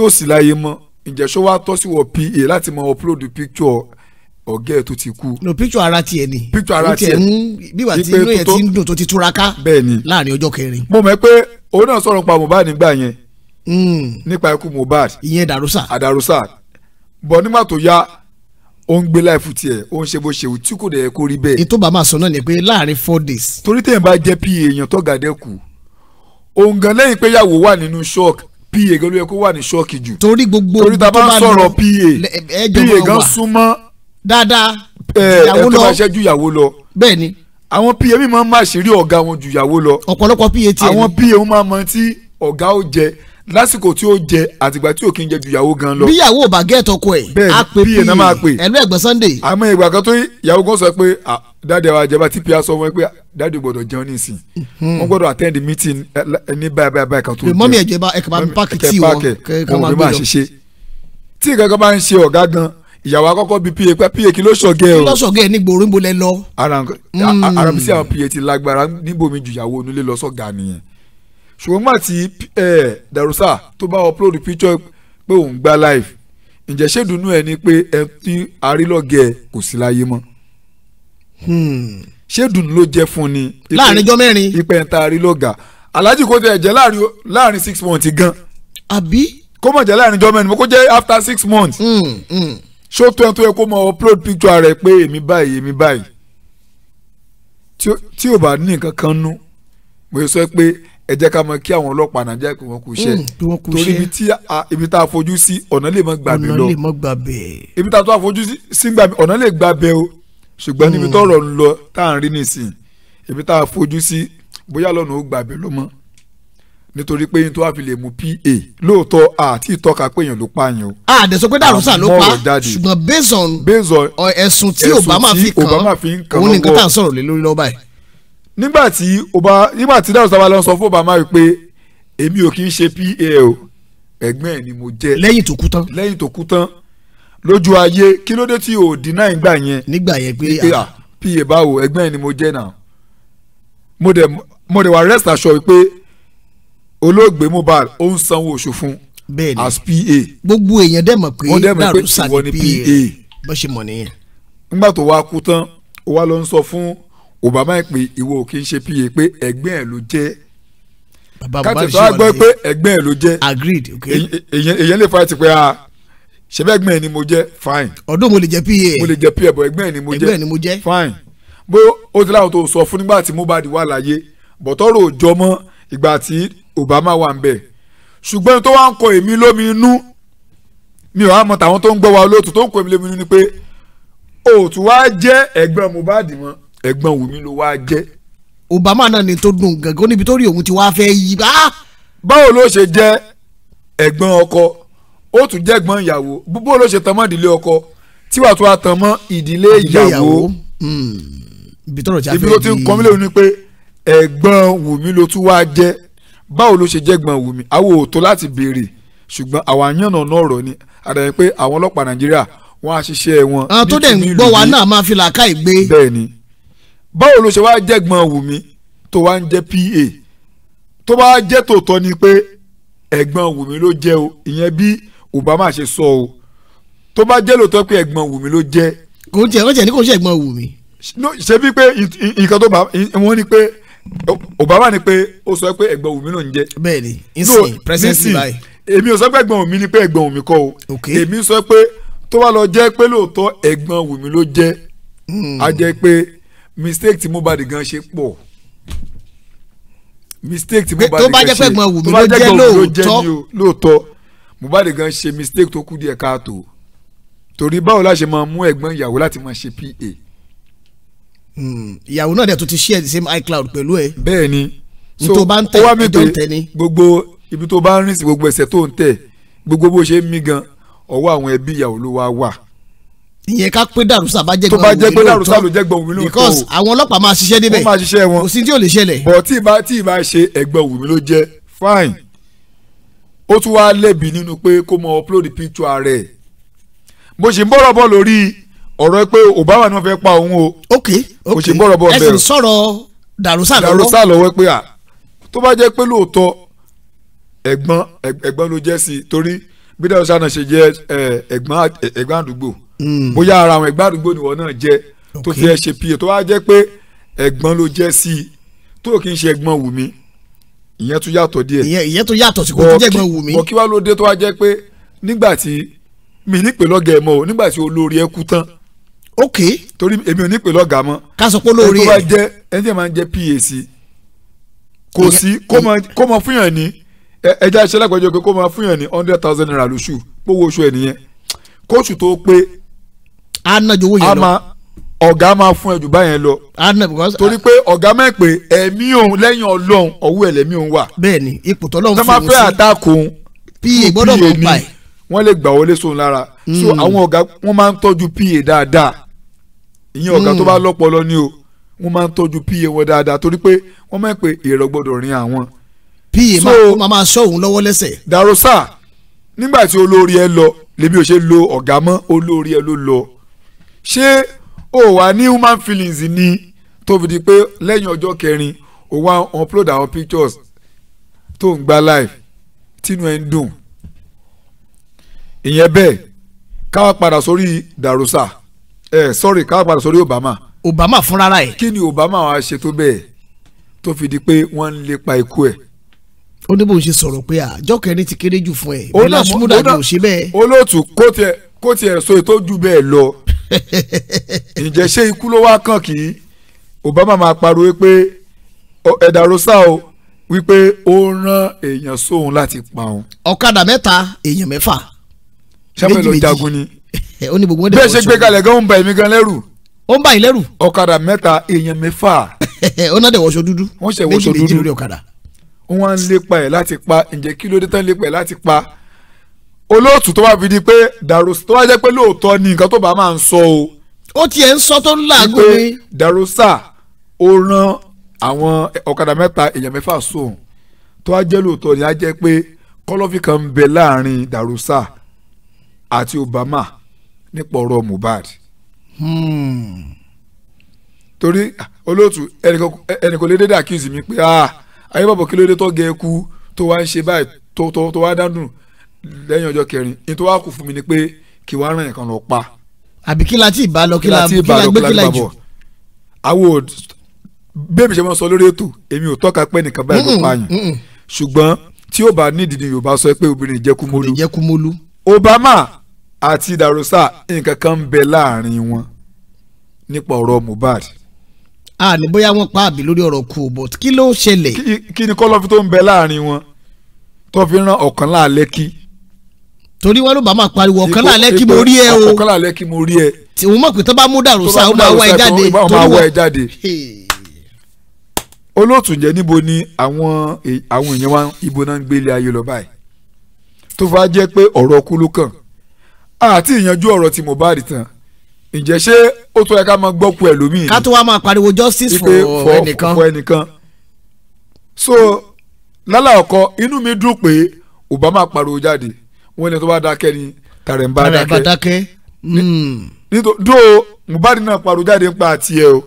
ò sí láyé mọ́ ǹjẹ́ ṣó wá tọ́ sí wọ pa láti máa upload picture ọ̀gá ẹ̀ tó ti kú. no picture ara tiẹ̀ ni picture ara tiẹ̀ ni bíwá tí inú yẹn ti ń dùn tó ti túraká láàrin ọjọ́ kẹrin. mo mọ̀ pé òun náà sọ̀rọ̀ pa Mohbad nígbà yẹn hmm. nípa ikú Mohbad. ìyẹn darusa. àdarusa bọ̀ nígbà tó yá ó ń gbé láìfù tiẹ̀ ó ń ṣe bó ṣe tí kò dẹ̀ kó rí bẹ́ẹ̀. ètò bàmà sọ náà ni pé láàrin four days. torí téèyàn bá jẹ́ pa èèyàn tó gàdẹ́ kù òun lẹ́yìn pé yàwó wà nínú shock pa gan ló yẹ kó wà ní ṣọ́ọ̀kì jù. torí gbogbo torí ta bá sọ̀rọ̀ pa pa gan súnmọ́. dáadáa ìyàwó lọ ẹ tó bá ṣẹ́jú ìyàwó lọ. bẹ́ẹ̀ni. àwọn pa mi máa ń máṣírí ọ̀gá wọn ju ìyàwó lọ. ọ̀pọ̀lọpọ̀ pa tiẹ̀ ni. àwọn pa wọn máa mọ tí ọ̀gá ó jẹ lásìkò tí ó jẹ àtìgbà tí ò kí ń jẹ ju ìyàwó gan lọ. bí ìyàwó ò bá gẹ́ ẹ̀tọ́ kọ ẹ̀ á pè pé ẹnu ẹ̀gbọ́n Sunday. àmọ́ ìgbà kan tó ìyàwó kan sọ pé ah, dáadé wa jẹba tí pa sọ wọn pé ah, dáadé gbọ́dọ̀ jẹun nísìn hmm. wọn gbọ́dọ̀ attend meeting eh, eh, ní báyìí báyìí báyìí kan tó jẹ. mọ́mí ẹ̀jẹ̀ bá ẹ̀ka bá mi páàkì tí wọn kẹ́kẹ́ máa gbé lọ. tí ìkankan bá ń ṣe ọ̀gá gan ìyàwó àkọ́kọ́ bíi pa pa kí ló ṣọ̀gẹ́ o. kí ló ṣọ̀gẹ́ ní gbòòrò ń bolẹ̀ lọ. ara mi hmm. sí àwọn pa ti lágbára níbo mi ju ìyàwó onílé lọ sọ̀gá nìyẹn ṣùgbọ́n nígbà tí Darusa tó bá upload picture pé òun gba live ǹjẹ́ ṣèdùnú ẹ ni pé ẹ ti arílọ́gẹ̀ kò sí láyé mọ́ hmm. ṣèdùnú ló jẹ́ fún ni. láàrin ijọ́ mẹ́rin. ìpẹ́ ń ta arílọ́gà aláàjì kò tẹ̀ jẹ́ láàrin six months gan. àbí. kó mọ̀ jẹ́ láàrin ijọ́ mẹ́rin mo kó jẹ́ after six months. Hmm, hmm. ṣó tó ẹ tó yẹ kó mọ upload picture rẹ pé èmi báyìí èmi báyìí tí ò bá ní nǹkan kan nú mo sọ pé ẹ jẹ́ ká mọ̀ kí àwọn ọlọ́pàá nàìjíríà pé wọ́n kú iṣẹ́ mm, torí ibi tí ibi tá a fojú sí ọ̀nà lè mọ́ gbàbẹ̀ lọ ọ̀nà lè mọ́ gbàbẹ̀ ibi tá a tó a fojú sí gbàbẹ̀ ọ̀nà lè gbàbẹ̀ o ṣùgbọ́n níbi mm. tọ́rọ̀ ń lọ tá à ń rí nísìn ibi tá a fojú sí bóyá lọ́nà ó gbàbẹ̀ ló mọ́ nítorí pé yín tó wá fi lè mú pa lóòótọ́ àti ìtọ́ka pé èèyàn ló pààyàn o. a dẹ̀ sọ pé dàrúsà ló pa ṣùgbọ́n based on ẹ̀sùn tí obama fi kàn án òun nìkan tá à ń sọ̀rọ̀ lé lórí lọ́wọ́ báyìí nígbà tí ọba nígbà tí dáhùn sábà lọ sọ fún obama wípé èmi ò kì í ṣe pa o ẹ̀gbọ́n ẹ̀ ni mo jẹ́ lẹ́yìn tó kú tán lẹ́yìn tó kú tán lójú ayé kí ló dé tí o dínà ìgbà yẹn nígbà yẹn pé pé ah, pa báwo ẹ̀gbọ́n ẹ̀ ni mo jẹ́ náà mo dẹ̀ mo dẹ̀ wà rest assured wípé olóògbé Mohbad ó ń sanwó oṣù fún bẹ́ẹ̀ni as pa gbogbo èèyàn dẹ̀ mọ̀ pé dàrú sani pa bó ṣe mọ̀ nìyẹn. nígbà tó wá kú tán ó wá lọ sọ fún obama pé iwo ò kí ń ṣe pa pé ẹgbẹ́ ẹ̀ ló jẹ́ a gbọ́ pé ẹgbẹ́ ẹ̀ ló jẹ́ agreed okay èyàn lè fa ti pé a ah, ṣẹbẹ́ ẹgbẹ́ ẹ̀ ni mo jẹ́ fine ọdún mo lè jẹ́ pa mo lè jẹ́ pa bọ̀ ẹgbẹ́ ẹ̀ ni mo jẹ́ ẹgbẹ́ ẹ̀ ni mo jẹ́ fine bo o ti láwọn tó sọ fún nígbà tí Mohbad wà láyé bọ̀tọ́rọ̀ òjọ mọ́ ìgbà tí Obama wà ń bẹ̀ ṣùgbọ́n tó wá ń kọ èmi lómi inú mi ò wá tàwọn tó ń gbọ́ wa olóòtú tó ń kọ èmi lómi inú ni pé òòtú wa jẹ́ ẹgbẹ́ Mohbad mọ́ ẹ̀gbọ́n Wùmí ló wá jẹ́. Obama náà ni tó dùn gàngán níbi tó rí òun ti wá fẹ́ yí. báwo ló ṣe jẹ́ ẹ̀gbọ́n ọkọ ó tún jẹ́ ẹ̀gbọ́n ìyàwó bó ló ṣe tán mọ́ ìdílé ọkọ tí wàá tún wá tán mọ́ ìdílé ìyàwó. Hmm. ibi tọrọ ti a fẹ́ di ibi tó ti ń kọ́ mi lóyún ni pé ẹ̀gbọ́n Wùmí ló tún wá jẹ́ báwo ló ṣe jẹ́ ẹ̀gbọ́n Wùmí àwọn ò tó láti béèrè ṣùgbọ́n àwọn àyànnà náà rọ̀ ni àdàbẹ̀ pé àwọn tó dẹ̀ ń gbọ́ wa náà máa fi làákà ìgbé. bẹ́ẹ̀ ni báwo ló ṣe wá jẹ́gbọ́n Wùmí tó wá ń jẹ́ PA tó bá jẹ́ tòótọ́ ni pé ẹ̀gbọ́n Wùmí ló jẹ́ o ìyẹn bí Obama ṣe sọ o tó bá jẹ́ lóòótọ́ pé ẹ̀gbọ́n Wùmí ló jẹ́. kò tiẹ̀ kò tiẹ̀ ní kò ṣe ẹ̀gbọ́n Wùmí. ṣé bí pé nǹkan tó bá wọn ni pé Obama ni pé ó sọ pé ẹ̀gbọ́n Wùmí ló ń jẹ́. bẹ́ẹ̀ni nsìn presently báyìí. èmi ò sọ pé ẹ̀gbọ́n Wùmí ni pé ẹ̀gbọ́n Wùmí kọ́ o èmi sọ pé tó bá lọ jẹ́ pé lóòótọ́ ẹ̀gbọ́n Wùmí ló jẹ́ hmm. a jẹ́ pé mistake tí Mohbad gan ṣe pọ̀ mistake tí Mohbad gan ṣe tó bá jẹ́ pé gbọ̀n wù mí ló jẹ́ lóòótọ́ lóòótọ́ Mohbad gan ṣe mistake tó kù díẹ̀ káàtó torí báwo la ṣe máa mú ẹ̀gbọ́n ìyàwó láti máa ṣe pa. Hmm, ìyàwó náà dẹ̀ tún ti share the same iCloud pẹ̀lú ẹ. bẹ́ẹ̀ so ó wá mi pé gbogbo ibi tó bá ń rìn sí gbogbo ẹsẹ̀ tó ń tẹ̀ gbogbo bó ṣe ń mí gan ọwọ́ àwọn ẹbí ìyàwó ló wá wà ìyẹn ká pé dàrúsà bá jẹ́ òwe lóòótọ́ tó bá jẹ́ pé dàrúsà ló jẹ́ òwe lóòótọ́ because àwọn ọlọ́pàá máa ṣiṣẹ́ níbẹ̀ wọ́n máa ṣiṣẹ́ wọn kò sí tí ò lè ṣẹlẹ̀. bọ̀ tí ìbá tí ìbá ṣe ẹ̀gbọ́n òwe mi ló jẹ́ fine ó tún wáá lẹ́bi nínú pé kó mọ upload picture rẹ̀ mo sì ń bọ̀rọ̀ bọ̀ lórí ọ̀rọ̀ pé Obama ni wọ́n fẹ́ pa òun o ok ok mo sì ń bọ̀rọ̀ bọ̀ bẹ́ẹ̀ ẹ sì sọ̀rọ̀ dàrúsà lọ́wọ́ dàrúsà lọ́wọ́ pé à tó bá jẹ́ pé Mm. bóyá ara àwọn ẹgbẹ́ àdúgbò nìwọ náà jẹ́ tó fi ẹ ṣe pa tó wá jẹ́ pé ẹ̀gbọ́n ló jẹ́ sí i tó kì í ṣe ẹ̀gbọ́n wù mí ìyẹn tún yàtọ̀ díẹ̀ ìyẹn tún yàtọ̀ sí kò tó jẹ́ ẹ̀gbọ́n wù mí. bọ̀ kí wá ló dé tó wá jẹ́ pé nígbà tí mi nípè lọ́gàá ẹ̀ mọ́ o nígbà tí olórí ẹ kú tán ok torí èmi ò ní pè lọ́gàá mọ́ ká sọ pé olórí ẹ̀ tó bá jẹ́ ẹni tí máa ń jẹ́ PAC kò sí kó mọ fúnyàn ní ẹja ìṣẹ́lẹ̀ pẹ̀jọ́ pé kó mọ fúnyàn ní hundred thousand naira lóṣù gbówó oṣù ẹ̀ nìyẹn kóòtù tó pé á ná ju owó yẹn lọ. àmọ́ ọ̀gá máa fún ẹ jù báyẹn lọ. á because. torí pé ọ̀gá mẹ́ pé ẹ̀mí òun lẹ́yìn ọlọ́run ọ̀wọ́ ẹ̀ lẹ́mí òun wà. bẹ́ẹ̀ni ipò tọ́lọ́run fún un sí. tọ́ máa fẹ́ àtàkùn. pa gbọ́dọ̀ mọ̀ lè gbà wọlé sóun lára. so hmm. àwọn ọ̀gá wọ́n máa ń tọ́jú pa dáadáa. ìyẹn ọ̀gá tó hmm. bá lọ́pọlọ ni o wọ́n máa ń tọ́jú pa wọn dáadáa torí pé wọ́n mọ̀ pé èrò gbọ́dọ̀ rin àwọn. pa máa máa ṣọ́ òun lọ́wọ́ lẹ́sẹ̀. darosa nígbà tí olórí ẹ lọ lèmi ò ṣe lo ọ̀gá mọ́ olórí ẹ ló lọ ṣé o wà ní human feelings ni tó fi di pé lẹ́yìn ọjọ́ kẹrin o wá upload àwọn pictures tó ń gba live tínú ẹ̀ ń dùn ìyẹn bẹ́ẹ̀ káwá padà sórí darusa ẹ eh, sorry káwá padà sórí Obama. Obama fúnra rẹ̀. kí ni Obama wàá ṣe tó bẹ́ẹ̀ tó fi di pé wọ́n ń lépa ikú ẹ̀ ó ní bó ṣe sọ̀rọ̀ pé àjọ kẹrin ti kéré jù fún ẹ bẹ́ẹ̀ lásùmúdà ni ṣe bẹ́ẹ̀. olóòtú kó tiẹ̀ kó ètò ju bẹ́ẹ̀ lọ ǹjẹ́ ṣé ikú ló wá kàn kí Obama máa pariwo pé ẹ̀dà rosa o wípé ó rán èèyàn sóhun láti pa òun. ọ̀kadà mẹ́ta èèyàn mẹ́fà. sábẹ́ lọ jagun ni bẹ́ẹ̀ ṣe gbé kalẹ̀ gan ó ń bà èmi gan lẹ́rù. ó ń bà yín lẹ́rù. ọ̀kadà mẹ́ta èèyàn mẹ́fà. ó náà dẹ̀ wọṣọ dúdú. wọ́n ṣe wọṣọ dúdú méjì méjì lórí ọ̀kadà. wọ́n á lépa ẹ̀ láti pa ǹjẹ́ kí ló dé tán lépa ẹ̀ láti pa olóòtú tó bá fi di pé dàrúsà tó bá jẹ́ pé lóòótọ́ ni nǹkan tó bá máa ń sọ o. ó tiẹ̀ ń sọ tó ń làágùn ni. dàrúsà ó rán àwọn ọ̀kadà mẹ́ta èèyàn mẹ́fà sóun tó wá jẹ́ lóòótọ́ ni á jẹ́ pé kọ́lọ́fì kan ń bẹ láàrin dàrúsà àti Obama nípa ọ̀rọ̀ Mohbad. Hmm. torí olóòtú ẹnì kò lè dédé àkíyèsí mi pé ah, ayé kí ló dé tó gẹ tó wá ń ṣe báyìí tó wá dándùn lẹ́yìn ọjọ́ kẹrin ní tó wá kù fún mi ni pé kí wàá ràn yẹn lọ pa. àbí kí la ti ìbá lọ kí la gbé kí la jù. àwọn bẹ́ẹ̀ mi ṣe máa sọ lórí ètò èmi ò tọ́ka pé nìkan báyìí ló pààyàn ṣùgbọ́n tí ó bá nídìí ni Yorùbá sọ pé obìnrin ìjẹkumolu ìjẹkumolu Obama àti Darosa nǹkan kan ń bẹ láàrin wọn nípa ọ̀rọ̀ Mohbad. a ní bóyá wọ́n pa àbí lórí ọ̀rọ̀ kù but kí ló ṣẹlẹ̀. kí ni kọ́lọ́fín tó ń bẹ láàrin wọn tó fi rán ọ̀kan láàlẹ́ kí torí wọn ló bá máa pariwo ọ̀kan lálẹ́ kí mo rí ẹ o ọ̀kan lálẹ́ kí mo rí ẹ. tí wọ́n mọ̀ pé tó bá mú dàrú sáà ó máa wá ẹ jáde torí wọ́n. olóòtú jẹ́ níbo ni àwọn e, àwọn èèyàn wa ibo náà ń gbélé ayé lọ báyìí tó fà jẹ́ pé ọ̀rọ̀ kú kàn àti ìyanjú ọ̀rọ̀ tí Mohbad tán ǹjẹ́ ṣé ó tún yẹ ká máa gbọ́ ku ẹlòmíì. ká tó wá máa pariwo justice for ẹnìkan. for ẹnìkan. so lálẹ́ ọkọ inú mi dùn pé Obama pariwo jáde wọ́n ní tó bá dákẹ́ ni tàrẹ̀ ń bá dákẹ́. tàrẹ̀ ń bá dákẹ́. Hmm. nítorí dó Mohbad náà parọ́ jáde ń pa àti ẹ o.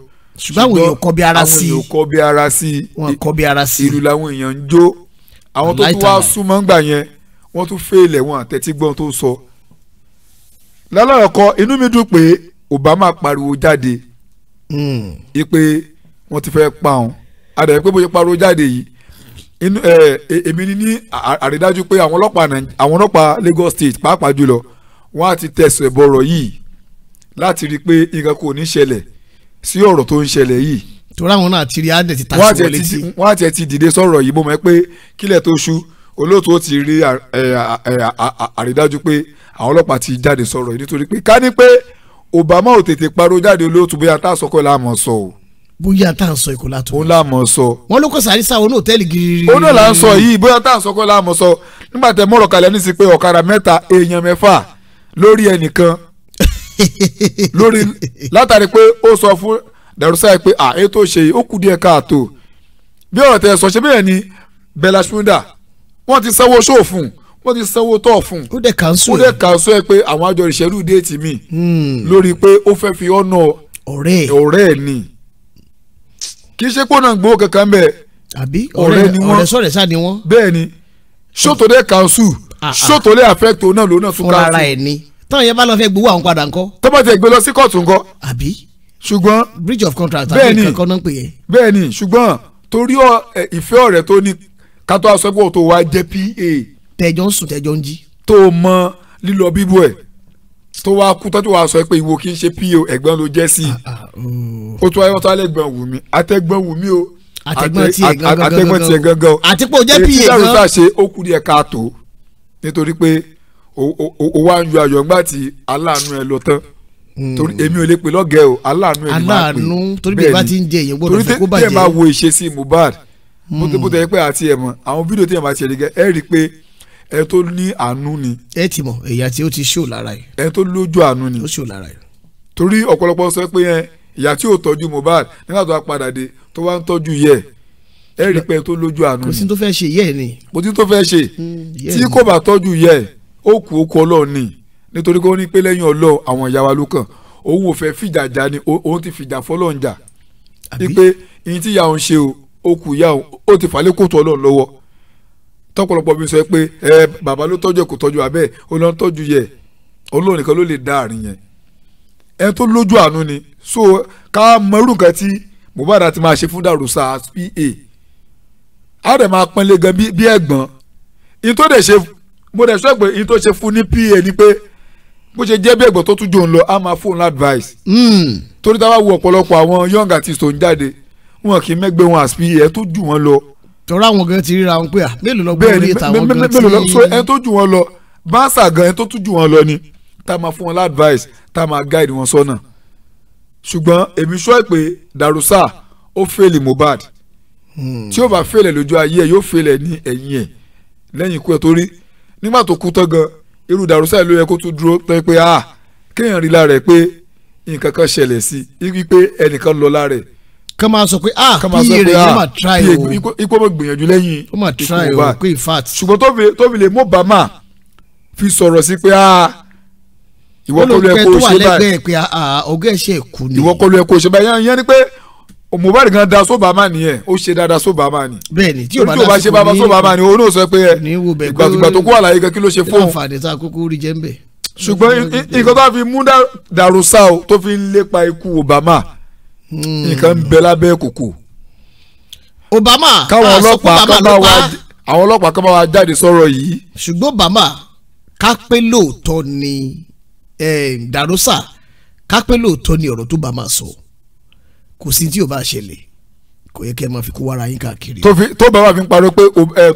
ṣùgbọ́n àwọn èèyàn kọ́ bí ara sí i. àwọn èèyàn kọ́ bí ara sí i. wọ́n kọ́ bí ara sí i. ìlú làwọn èèyàn ń jó. àwọn tó tún wá súnmọ́ ń gbà yẹn wọ́n tún fèèlè wọn àtẹ̀tí gbọ́n tó sọ. lálọ́ọ̀kọ́ inú mi dùn pé Obama pariwo jáde. ipe hmm. wọ́n ti fẹ́ pa òun. adàyẹ pé bó ṣe pariwo jáde yìí inú ẹ eh, e-, èmi ní ní àrídájú pé àwọn ọlọ́pàá àwọn ọlọ́pàá Lagos State pàápàá jùlọ wọ́n á ti tẹ̀sùn ẹ̀bọ ọ̀rọ̀ yìí láti rí i pé nǹkan kò ní ṣẹlẹ̀ sí ọ̀rọ̀ tó ń ṣẹlẹ̀ yìí. torí àwọn náà ti rí adé ti tàṣí wọlé létí. wọ́n á tiẹ̀ ti dìde sọ̀rọ̀ yìí mo mọ̀ pé kílẹ̀ tó ṣú olóòtú ó ti rí àrídájú pé àwọn ọlọ́pàá ti jáde sọ̀rọ̀ yìí nítorí pé ká ní pé Obama ò tètè parọ́ jáde olóòtú bóyá tá à ń sọ èkó látò. òun là mọ̀ sọ. wọn ló kọ́ sàrísà òun hòtẹ́ẹ̀lì gírírí. òun náà là ń sọ yìí bóyá tá à ń sọ kọ́ là mọ̀ sọ nígbà tẹ mọ̀rọ̀ kalẹ̀ ní sí pé ọ̀kadà mẹ́ta èèyàn mẹ́fà lórí ẹnìkan lórí látàrí pé ó sọ fún Dàrúsáì pé à ètò ṣe yìí ó kù díẹ̀ káàtó bí ọ̀rọ̀ tẹ sọ ṣe bẹ́ẹ̀ ni Bella Shmurda wọ́n ti sanwó ṣó wọ́n ti sanwó tọ̀ fún ó dẹ̀ kàńsó ẹ̀ ó dẹ̀ pé àwọn àjọ ìṣẹ́lú déètì mi hmm. lórí pé ó fẹ́ fi ọ̀nà ọ̀rẹ́ ẹ̀ ni kì í ṣe pé ọ̀nà gbowó kankan bẹ̀. àbí ọ̀rẹ́ ni wọ́n ọ̀rẹ́ sọ̀rẹ́ sá ni wọ́n. bẹ́ẹ̀ ni sótòlẹ́ kanṣu sótòlẹ́ ah, ah. àfẹ́tò náà lòun náà tún kanṣu. fúnra ẹ̀ ni táwọn yẹn bá lọ fẹ́ gbowó àwọn padà ńkọ́. tọ́pọ̀ tẹ gbé lọ sí kóòtù ńkọ́. àbí. ṣùgbọ́n bridge of contract àbí kankan náà pè é. bẹ́ẹ̀ ni ṣùgbọ́n torí ìfẹ́ ọ̀rẹ́ tó ní kátó aṣọ́gbó tó wá jẹ́ pa. tẹjọ ń sùn tẹjọ ń jí. tó mọ lílọ bíbọ ẹ̀ tó wá kú tó tó wá sọ pé ìwọ kì í ṣe po ẹ̀gbọ́n ló jẹ́ sí i ah, ah, oh. ó tún wáyé wọ́n tó alẹ́gbọ̀n wù mí àtẹ̀gbọ́n wù mí o àtẹ̀gbọ́n tiẹ̀ gangan àtẹ̀gbọ́n tiẹ̀ gangan o àti pé o jẹ́ pa gan èyí tí dàrúdà ṣe ó kú díẹ̀ káàtó nítorí pé o wá ń yọ ayọ̀ ńgbà tí aláàánú ẹ lọ tán hmm. torí èmi ò lè pè lọ́gẹ̀ẹ́ o aláàánú ẹ ni máa pè aláàánú torí bí ìbá ti ń jẹ èèyàn gbọ́dọ̀ fẹ́ kó bàjẹ́ torí tí ẹ máa wo ìṣesí Mohbad bó tẹ hmm. pé àti ẹ̀ mọ̀ àwọn fídíò tí ẹ máa ṣe ẹ̀ rí i pé ẹ tó ní àánú ni. ẹ ti mọ ìyá tí ó ti ṣó lára yìí. ẹ tó lójú àánú ni. ó ṣó lára yìí. torí ọ̀pọ̀lọpọ̀ sọ pé yẹn ìyá tí ò tọ́jú Mohbad nígbà tó a padà dé tó wá ń tọ́jú yẹ ẹ rí pé ẹ tó lójú àánú ni. kò sí tó fẹ́ ṣe mm, yẹ ni. kò sí tó fẹ́ ṣe tí kò bá tọ́jú yẹ ó kú ó kú ọlọ́run ni nítorí pé ní pé lẹ́yìn ọlọ́run àwọn ìyá wa ló òun ò fẹ́ fìjà jà ni òun ti fìjà fọlọ́run jà ipe ìyìn tí ìyá òun ṣe o ó kù ìyá òun ó ti fàlẹ́ kóòtù ọlọ́run lọ́wọ́ tọ́pọ̀lọpọ̀ mi sọ pé ẹ bàbá ló tọ́jú ẹ̀kọ́ tọ́jú abẹ́ ó lọ́n tọ́jú yẹ olóòrùn kan ló lè dá àárín yẹn ẹ tó lójú àánú ni so ká mọrú nǹkan tí Mohbad àti máa ṣe fún Dàrúsà pa á rẹ̀ máa pọ́nlé gan bí ẹ̀gbọ́n in tó dẹ̀ ṣe mo dẹ̀ sọ pé in tó ṣe fún ní pa ni pé bó ṣe jẹ́ bí ẹ̀gbọ́n tó tún jò ń lọ á máa fóun advice hmm. torí táwa wo ọ̀pọ̀lọpọ̀ àwọn young artists tó ń jáde wọn kì í mẹ́gbẹ́ wọn as pa tó jù wọn lọ tọ́ra àwọn gan ti ríra wọn pé à ah, mélòó lọ gbọ́ orí ìtàwọn gan ti. mélòó lọ so ẹni tó jù wọn lọ báńsà gan ẹni tó tún jù wọn lọ ni tá a máa fún wọn ládvice tá a máa guide wọn sọ́nà ṣùgbọ́n èmi sọ pé darusa ó fèlè Mohbad hmm. tí ó bá fèlè lójú ayé ẹ yóò fèlè ní ẹ̀yìn ẹ̀ lẹ́yìn ikú ẹ̀ torí nígbà tó kú tán gan irú darusa ló yẹ kó tún dúró tán pé ah kéèyàn rí lára ẹ̀ pé nǹkan kan ṣẹlẹ̀ sí i wípé ẹnìkan lọ lára ẹ̀ kàn máa sọ pé ah píye rẹ̀ yẹn ah, máa try o ikú ọmọ gbìyànjú lẹ́yìn ó máa try o pé fat. ṣùgbọ́n tó fi lè mú bàmà fi sọ̀rọ̀ sí pé ah ìwọ kọ́ ló yẹ kó o ṣe báyìí pé ah, ah, ọgá ẹ̀ṣẹ̀ kú ni ìwọ kọ́ ló yẹ kó ṣe báyìí yẹn ni pé Mohbad gan da sóbàmà nìyẹn ó ṣe dáadáa sóbàmà ni bẹ́ẹ̀ni tí o bá ṣe bàbá sóbàmà ni òun ò sọ pé ìgbàgbà tó kó àlàyé kan kí ló ṣe fóun ṣùgbọ́n nǹkan tó fi mú dàrú sáà tó fi ń lépa ikú Obama nǹkan ń bẹ lábẹ́ kòkò. Obama káwọn ọlọ́pàá kan bá wa àwọn ọlọpàá kan bá wa jáde sọrọ yìí. ṣùgbọ́n Obama ká pé lóòótọ́ ni Darosa ká pé lóòótọ́ ni ọ̀rọ̀ tó bá máa sọ kò sí tí o bá ṣẹlẹ̀ kò yẹ kí ẹ máa fi kó wára yín káàkiri. tó fi tó bàbá fi ń pariwo pé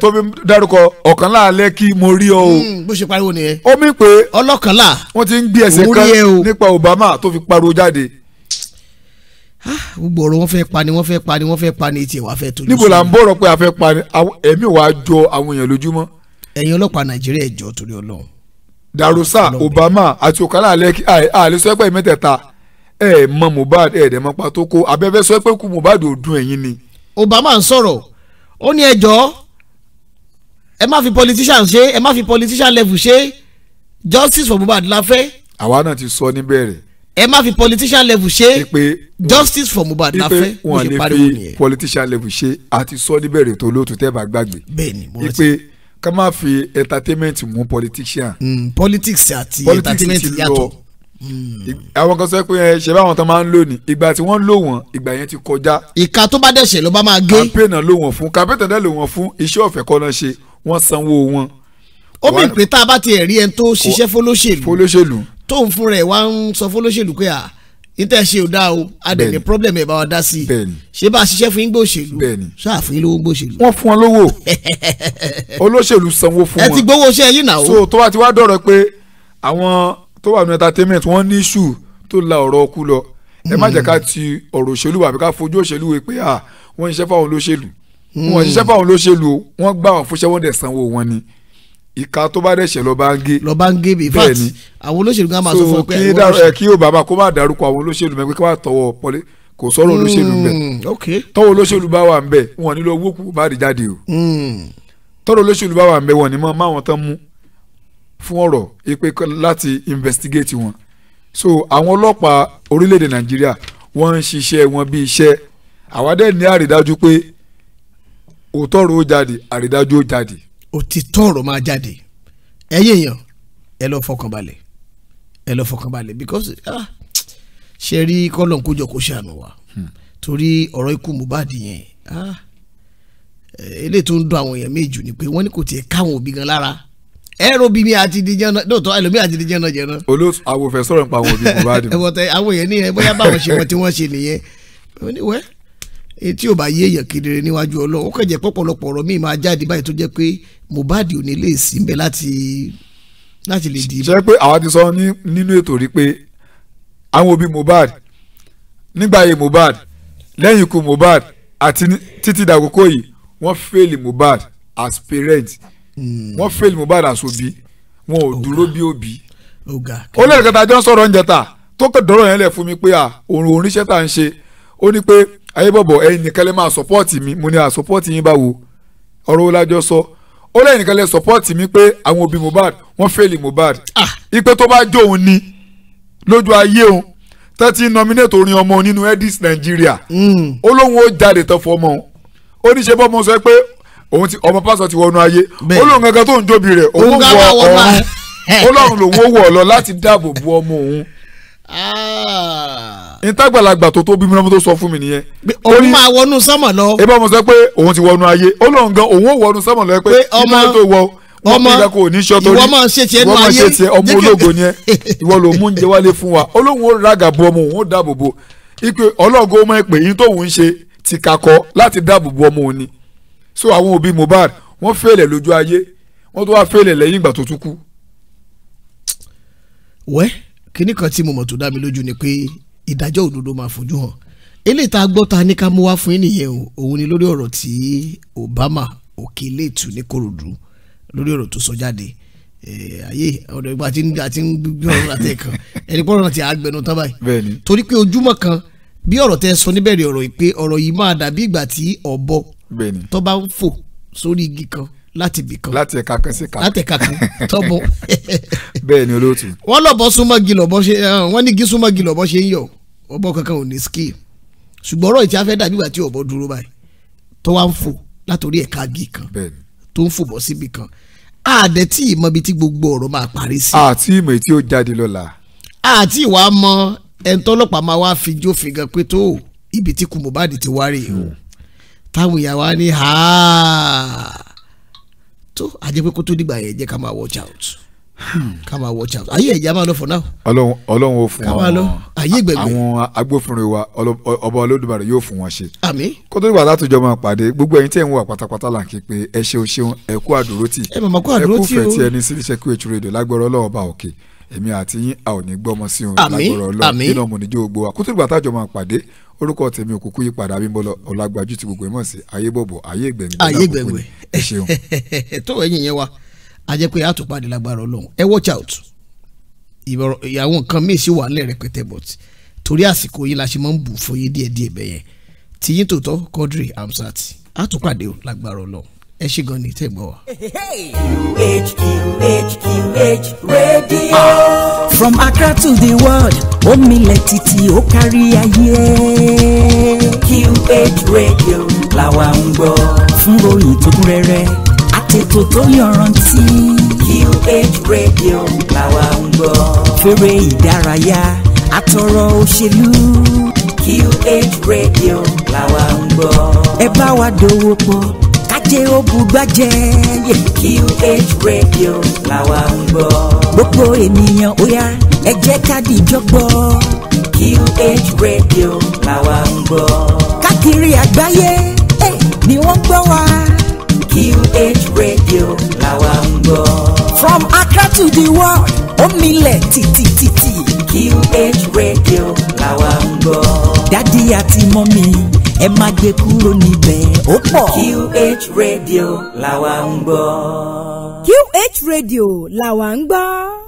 tó fi ń dárúkọ ọ̀kànlá alẹ́ kí mo rí ọ o. Hmm, bó ṣe pariwo nìyẹn. ó mí pé ọlọ́kànlá òun rí ẹ o. wọ́n ti ń gbé ẹsẹ̀ kan nípa Obama tó fi pariwo jáde. Ah, gbogbo ọ̀rọ̀ wọn fẹ́ pa ni wọ́n fẹ́ pa ni wọ́n fẹ́ pa ni etí ẹ̀ wá fẹ́ tó lóṣù. níbo la ń bọ̀rọ̀ pé a fẹ́ pa ni ẹ̀mí wàá jọ àwọn èèyàn lójúmọ́. ẹ̀yin ọlọ́pàá nàìjíríà ẹ̀jọ̀ torí ọlọ́run. darosa obama àti okala alẹ́ sọ pé mẹ́tẹ̀ẹ̀ta ẹ̀ mọ mohbad ẹ̀ dẹ̀ mọ pàtó kó abẹ́fẹ́ sọ pé kú mohbad ò dùn ẹ̀yin ni. obama ń sọ̀rọ̀ ó ní ẹjọ́ ẹ má fi politician ṣe ẹ má fi politician level ṣe justice for mohbad la fẹ́. àwa náà ti sọ níbẹ̀rẹ̀ ẹ má fi politician level ṣe justice for Mohbad la fẹ́ mo pariwo nìyẹn. ipe politician level ṣe àti sọ níbẹ̀rẹ̀ tó lóòótọ́ tẹ́ bá gbàgbé. ipe ká má fi entertainment mú politician. Hmm, politics àti entertainment yàtọ̀ hmm. àwọn kan sọ pé ẹ ṣe báwọn tán máa ń lò ní ìgbà tí wọ́n lò wọ́n ìgbà yẹn ti kọjá. ìka tó bá dẹ̀ṣẹ̀ ló bá máa gé. campaign náà lò wọ́n fún campaign náà lò wọ́n fún iṣẹ́ ọ̀fẹ́ kọ́ náà ṣe wọ́n sanwó wọn. ó bí pé tá a bá tiẹ̀ rí ẹni tó ṣiṣẹ́ fọlọ́ṣèlú tóun fún rẹ̀ wá ń sọ fún olóṣèlú pé à níta ṣe ò dáa o adẹ̀lẹ̀ problem ẹ̀ bá wa dá sí i ṣé bá a ṣiṣẹ́ fún yín gbé òṣèlú ṣáà fún yín lówó gbé òṣèlú. wọ́n fún wọn lówó olóṣèlú sanwó fún wọn. ẹ ti gbowó iṣẹ́ yín náà o. so tó bá ti wá dọ̀rọ̀ pé àwọn tó wà ní entertainment wọ́n ní issue tó la ọ̀rọ̀ ọkú lọ ẹ má hmm. jẹ́ ká ti ọ̀rọ̀ òṣèlú àbí ká fojú òṣèlú wé pé à wọ́n ṣiṣẹ́ fáwọn olóṣèlú hmm. wọ́n ṣiṣẹ́ fáwọn olóṣèlú wọ́n gbà wọ́n fúnṣẹ́ wọ́n dẹ̀ sanwó wọn ni ìka tó bá dẹ̀ṣẹ̀ lọ bá ń gé. lọ bá ń gé bí fact àwọn olóṣèlú kan máa sọ fún ọ pé. so kí Obama kó má dárúkọ àwọn olóṣèlú mẹ́ pé kí wọ́n tọwọ́ pọ́lẹ́ kò sọ̀rọ̀ olóṣèlú mẹ́ hmm, tọ́wọ́ olóṣèlú bá wà ń bẹ̀ wọ́n nílò owó kú bá rí jáde o hmm. tọ́wọ́ olóṣèlú bá wà ń bẹ̀ wọ́n ní mọ́ máwọn tán mú fún ọ̀rọ̀ ipe láti investigate wọn so àwọn ọlọ́pàá orílẹ̀-èdè Nàìjíríà wọ́n ń ṣiṣẹ́ wọn bí iṣẹ́ àwa dẹ̀ ní àrídájú pé òótọ́ ọ̀rọ̀ ó jáde àrídájú ó jáde òtítọ́ ọ̀rọ̀ máa jáde ẹ̀yin èèyàn ẹ lọ fọkànbalẹ̀ ẹ lọ fọkànbalẹ̀ because ah ṣe rí kọ́lọ̀ kójọ kó ṣàánú wa hmm. torí ọ̀rọ̀ ikú Mohbad yẹn ah eléyìí tó ń dùn àwọn èèyàn méjì ni pé wọ́n ní kò tiẹ̀ káwọn òbí gan lára ẹ̀rọ bí mi àti di jẹ́nà lóòótọ́ ẹlòmí àti di jẹ́nà jẹ́nà. olóòtú àwọn òfẹ́ sọ̀rọ̀ nípa àwọn òbí Mohbad. ẹ wọ́n tẹ àwọn èèyàn nìyẹn bóyá báwọn ṣe mọ tí wọ́n ṣe nìyẹn tí ò bá yé èèyàn kedere níwájú ọlọ́run ó kàn jẹ́ pọ̀pọ̀lọpọ̀ ọ̀rọ̀ míì máa jáde báyìí tó jẹ́ pé Mohbad ò ní lè sí mbẹ láti láti lè dìbò. ṣe pé àwa ti sọ nínú ètò rí pé àwọn òbí Mohbad nígbà ayé Mohbad lẹ́yìn ikú Mohbad àti títí dàkókò yìí wọ́n fail Mohbad as parent hmm. wọ́n fail Mohbad as òbí wọn ò dúró bí òbí. ó lẹ́yìn kẹta jọ sọ̀rọ̀ oúnjẹ ta tó kẹ́ dọ́rọ̀ yẹn lẹ̀ fún mi pé à òun oníṣẹ́ tá ń ṣe ó ní pé ayébọ̀bọ̀ ẹ̀yin nìkan lè máa sọ́pọ́ọ̀tì mi mo ní à sọ́pọ́ọ̀tì yín báwo ọ̀rọ̀ olájọ́ sọ ó lẹ́yìn nìkan lè sọ́pọ́ọ̀tì mi pé àwọn òbí Mohbad wọ́n fẹ́ẹ̀lì Mohbad ah, ipe tó bá jó òun ni lójú ayé òun tó ti nominate orin ọmọ nínú edis Nàìjíríà hmm. ó lóun ó jáde tán fọmọ òun ó ní ṣe bọ́mọ sọ pé òun ti ọmọ pásọ ti wọnú ayé ó lóun gangan tó ń jóbi rẹ̀ òun wọ ọ̀run ó lọ́run lòun ó wọ̀ lọ láti dáàbò bo ọmọ òun ìtàgbàlagbà ah. tó tó bí mi náà mo tó sọ fún mi nìyẹn. òun máa wọnú sánmọ̀ lọ. ẹ bá mo sọ pé òun ti wọnú ayé ó lóun gan òun ó wọnú sánmọ̀ lọ pé ìmọ̀ tó wọ ọmọ ìwọ máa ṣe tiẹ̀ nù ayé ìwọ máa ṣe tiẹ̀ ọmọ ológo ni ẹ ìwọ ló mú oúnjẹ wálé fún wa olóhùn ó ràgà bo ọmọ òun ó dáàbò bo ipe ọlọ́gọ́ ọmọ ìpè yín tóun ń ṣe ti kakọ láti dáàbò bo ọmọ òun ni so àwọn òbí Mohbad wọ́n fẹ́lẹ̀ lójú ayé wọ́n tó wá fẹ́lẹ̀ lẹ́yìn ìgbà tó tún kú. wẹ́ẹ́ kíní kan tí mo mọ̀ tó dá mi lójú ni pé ìdájọ́ òdodo máa fojú hàn eléyìí tá a gbọ́ ta ní ká mú wá fún yín o òun ni lórí ọ̀rọ̀ tí Obama Òkèlétù ní Kòròdú lórí ọ̀rọ̀ tó sọ jáde ayé ọ̀dọ̀ ìgbà tí àti ń gbé ọ̀rọ̀ láti ẹ̀kan ẹni pọ́nrọ̀ ti àgbẹnu tán báyìí torí pé ojúmọ́ kan bí ọ̀rọ̀ tẹ sọ níbẹ̀rẹ̀ ọ̀rọ̀ yìí pé ọ̀rọ̀ yìí máa dàbí ìgbà tí ọ̀bọ tó bá ń fò sórí igi kan láti ibì kan láti ẹ̀ka kan sí ẹ̀ka kan láti ẹ̀ka kan tọ́bọ̀. bẹ́ẹ̀ ni olóòtú. wọ́n lọ́bọ̀ súnmọ́ gi lọ́bọ̀ ṣe eh, wọ́n ní gi súnmọ́ gi lọ́bọ̀ ṣe ń yọ ọbọ̀ kankan ò ní skill ṣùgbọ́n ọ̀rọ̀ ìtí afẹ́ dàbí ìgbà tí ọ̀bọ dúró báyìí tó wá ń fò látòrí ẹ̀ka gi kan tó ń fò bọ́ síbì kan àdẹ tí ìmọ̀ bíi tí gbogbo ọ̀rọ̀ máa parí sí. àti ìmọ̀ tí hmm. táwọn ìyàwó á ní háà tó àjẹpẹ́ kó tó dìgbà yẹn jẹ́ ká máa watch out ká máa watch out ayé ẹ̀jẹ̀ á máa lọ for now. ọlọ́run ọlọ́run ó fún wọn ayé gbẹ̀gbẹ̀. àwọn agbófinró wa ọba olódùmarè yóò fún wọn ṣe. àmín. kó tó dìgbà látòjọ máa pàdé gbogbo ẹ̀yin tí ẹ̀ ń wà pátápátá là ń ké pé ẹ ṣeun ṣeun ẹ kú àdúrótì ẹ kú fẹ̀tì ẹni sí iṣẹ́ QH Radio lágbọ́rọ́ lọ́wọ́ bá òkè èmi àti yín a ò ní gbọ́mọ sí òun lágbọ́rọ̀ ọlọ́run nínú ọmọ níjó gbogbo wa kó tó dìgbà tájọ máa pàdé orúkọ tèmi òkùnkùn yípadà Abímbọ́lá Ọlágbájú ti gbogbo ẹ̀ mọ̀ sí ayé bọ̀bọ̀ ayé ìgbẹ̀mí ẹ ṣeun. tó ẹ̀yin yẹn wa a jẹ́ pé a tún pàdé lágbára Ọlọ́run ẹ watch out ìyàwó nǹkan míì sì wà nílẹ̀ rẹpẹtẹ but torí àsìkò yìí la ṣe máa ń bù fún yín díẹ̀ díẹ̀ bẹyẹn tìyín tòótọ́ Quadri Hamzat a tún pàdé lágbára Ọlọ́run ẹ ṣe gan ni tẹ́ gbọ́ wa. QH radio. Ah. From Accra to the world ó milẹ̀ títí ó kárí ayé. QH radio làwa ń gbọ́ fún ròyìn tó kún rẹ́rẹ́ àtètò tó yọrantí. QH radio làwa ń gbọ́. fèrè ìdárayá àtọ̀rọ̀ òṣèlú. QH radio làwa ń gbọ́. ẹ bá wa dòwò pọ̀ kájé ó gbájẹ́. QH radio làwa ń gbọ́. gbogbo ènìyàn ó yá ẹ jẹ́ ká dìjọ́ QH radio làwa ń gbọ́. káàkiri àgbáyé ni wọ́n gbọ́ wa. QH radio làwa ń gbọ́. From Accra to the world ó milẹ̀ tìtìtìtì. QH radio làwa ń gbọ́. dádì àti mọ́mí ẹ má gbé kúrò níbẹ̀ ó pọ̀. QH radio làwa ń gbọ́. QH radio làwa ń gbọ́.